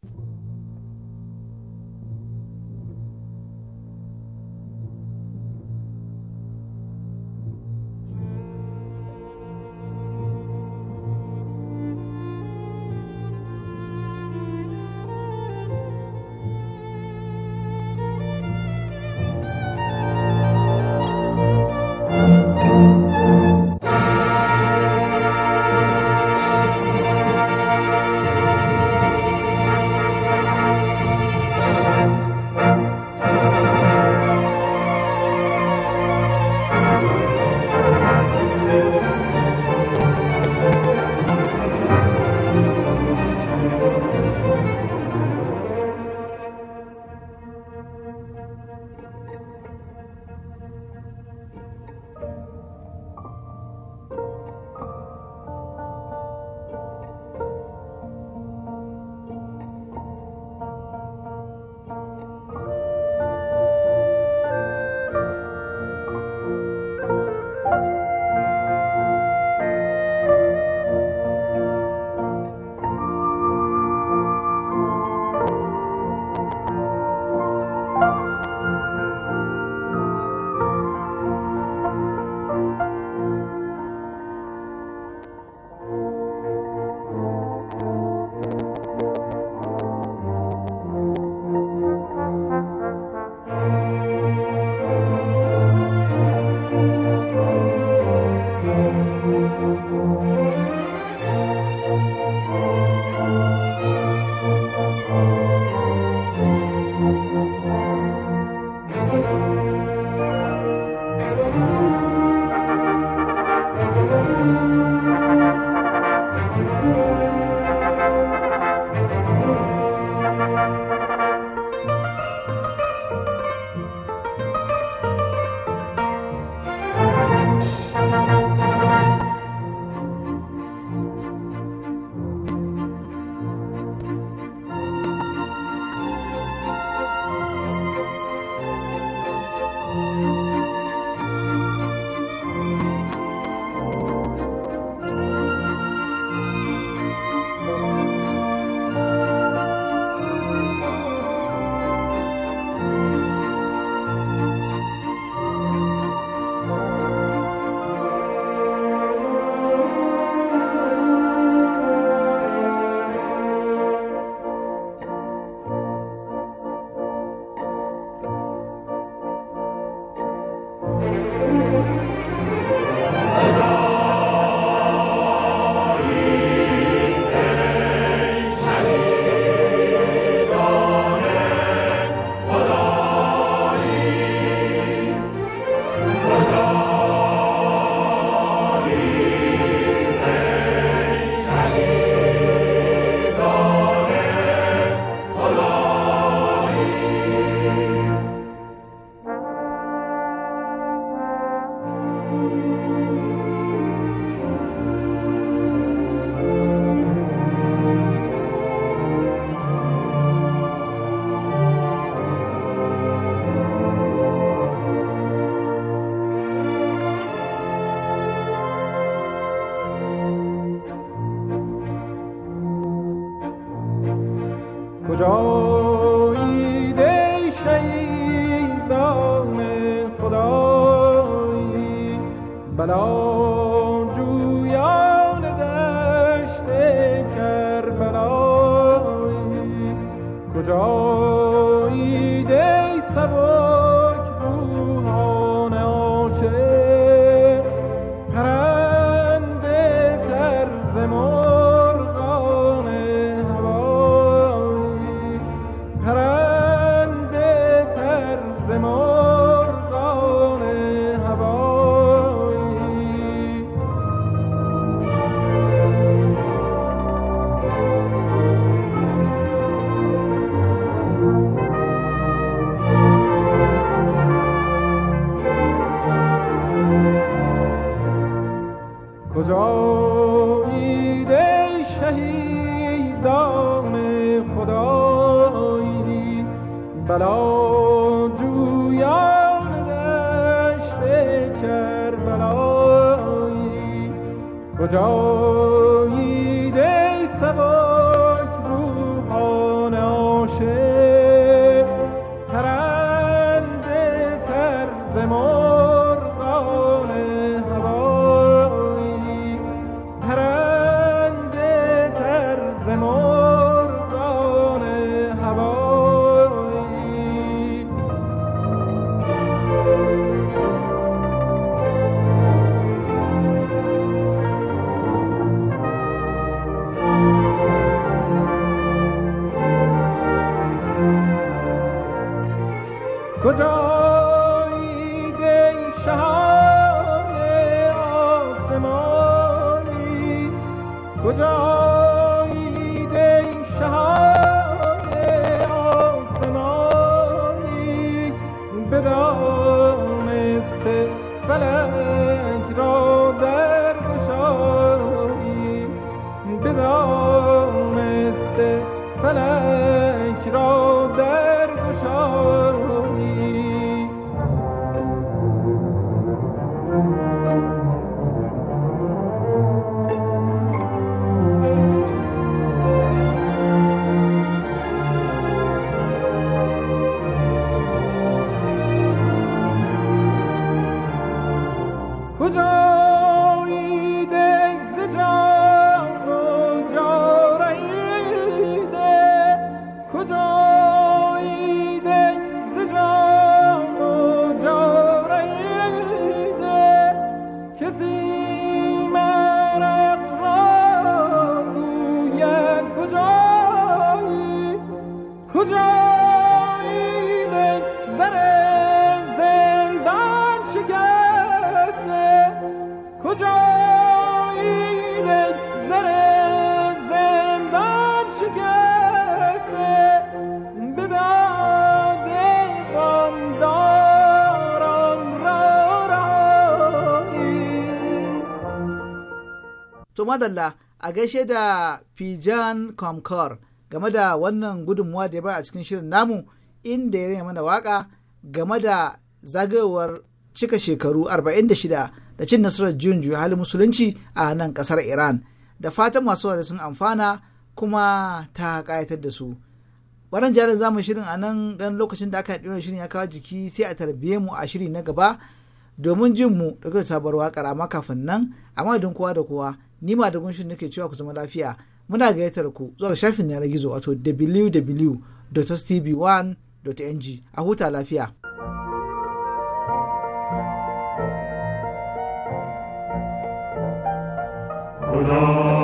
madalla a gaishe da Fijan Comcor game da wannan gudunmuwa da ya ba a cikin shirin namu inda ya rina mana waka game da zagayowar cika shekaru 46 da cin nasarar juyin juya halin musulunci a nan kasar Iran. Da fatan masu wari sun amfana kuma ta kayatar da su. Baran jarin zamu shirin a nan ganin lokacin da aka haɗi shirin ya kawo jiki sai a tarbiye mu a shiri na gaba domin jin mu da sabar waƙar amma kafin nan amma don kowa da kowa ni ma da gunshin nake cewa ku zama lafiya muna gayyatar ku zuwa shafin na gizo wato wwwstb 1ng a huta lafiya. Oh,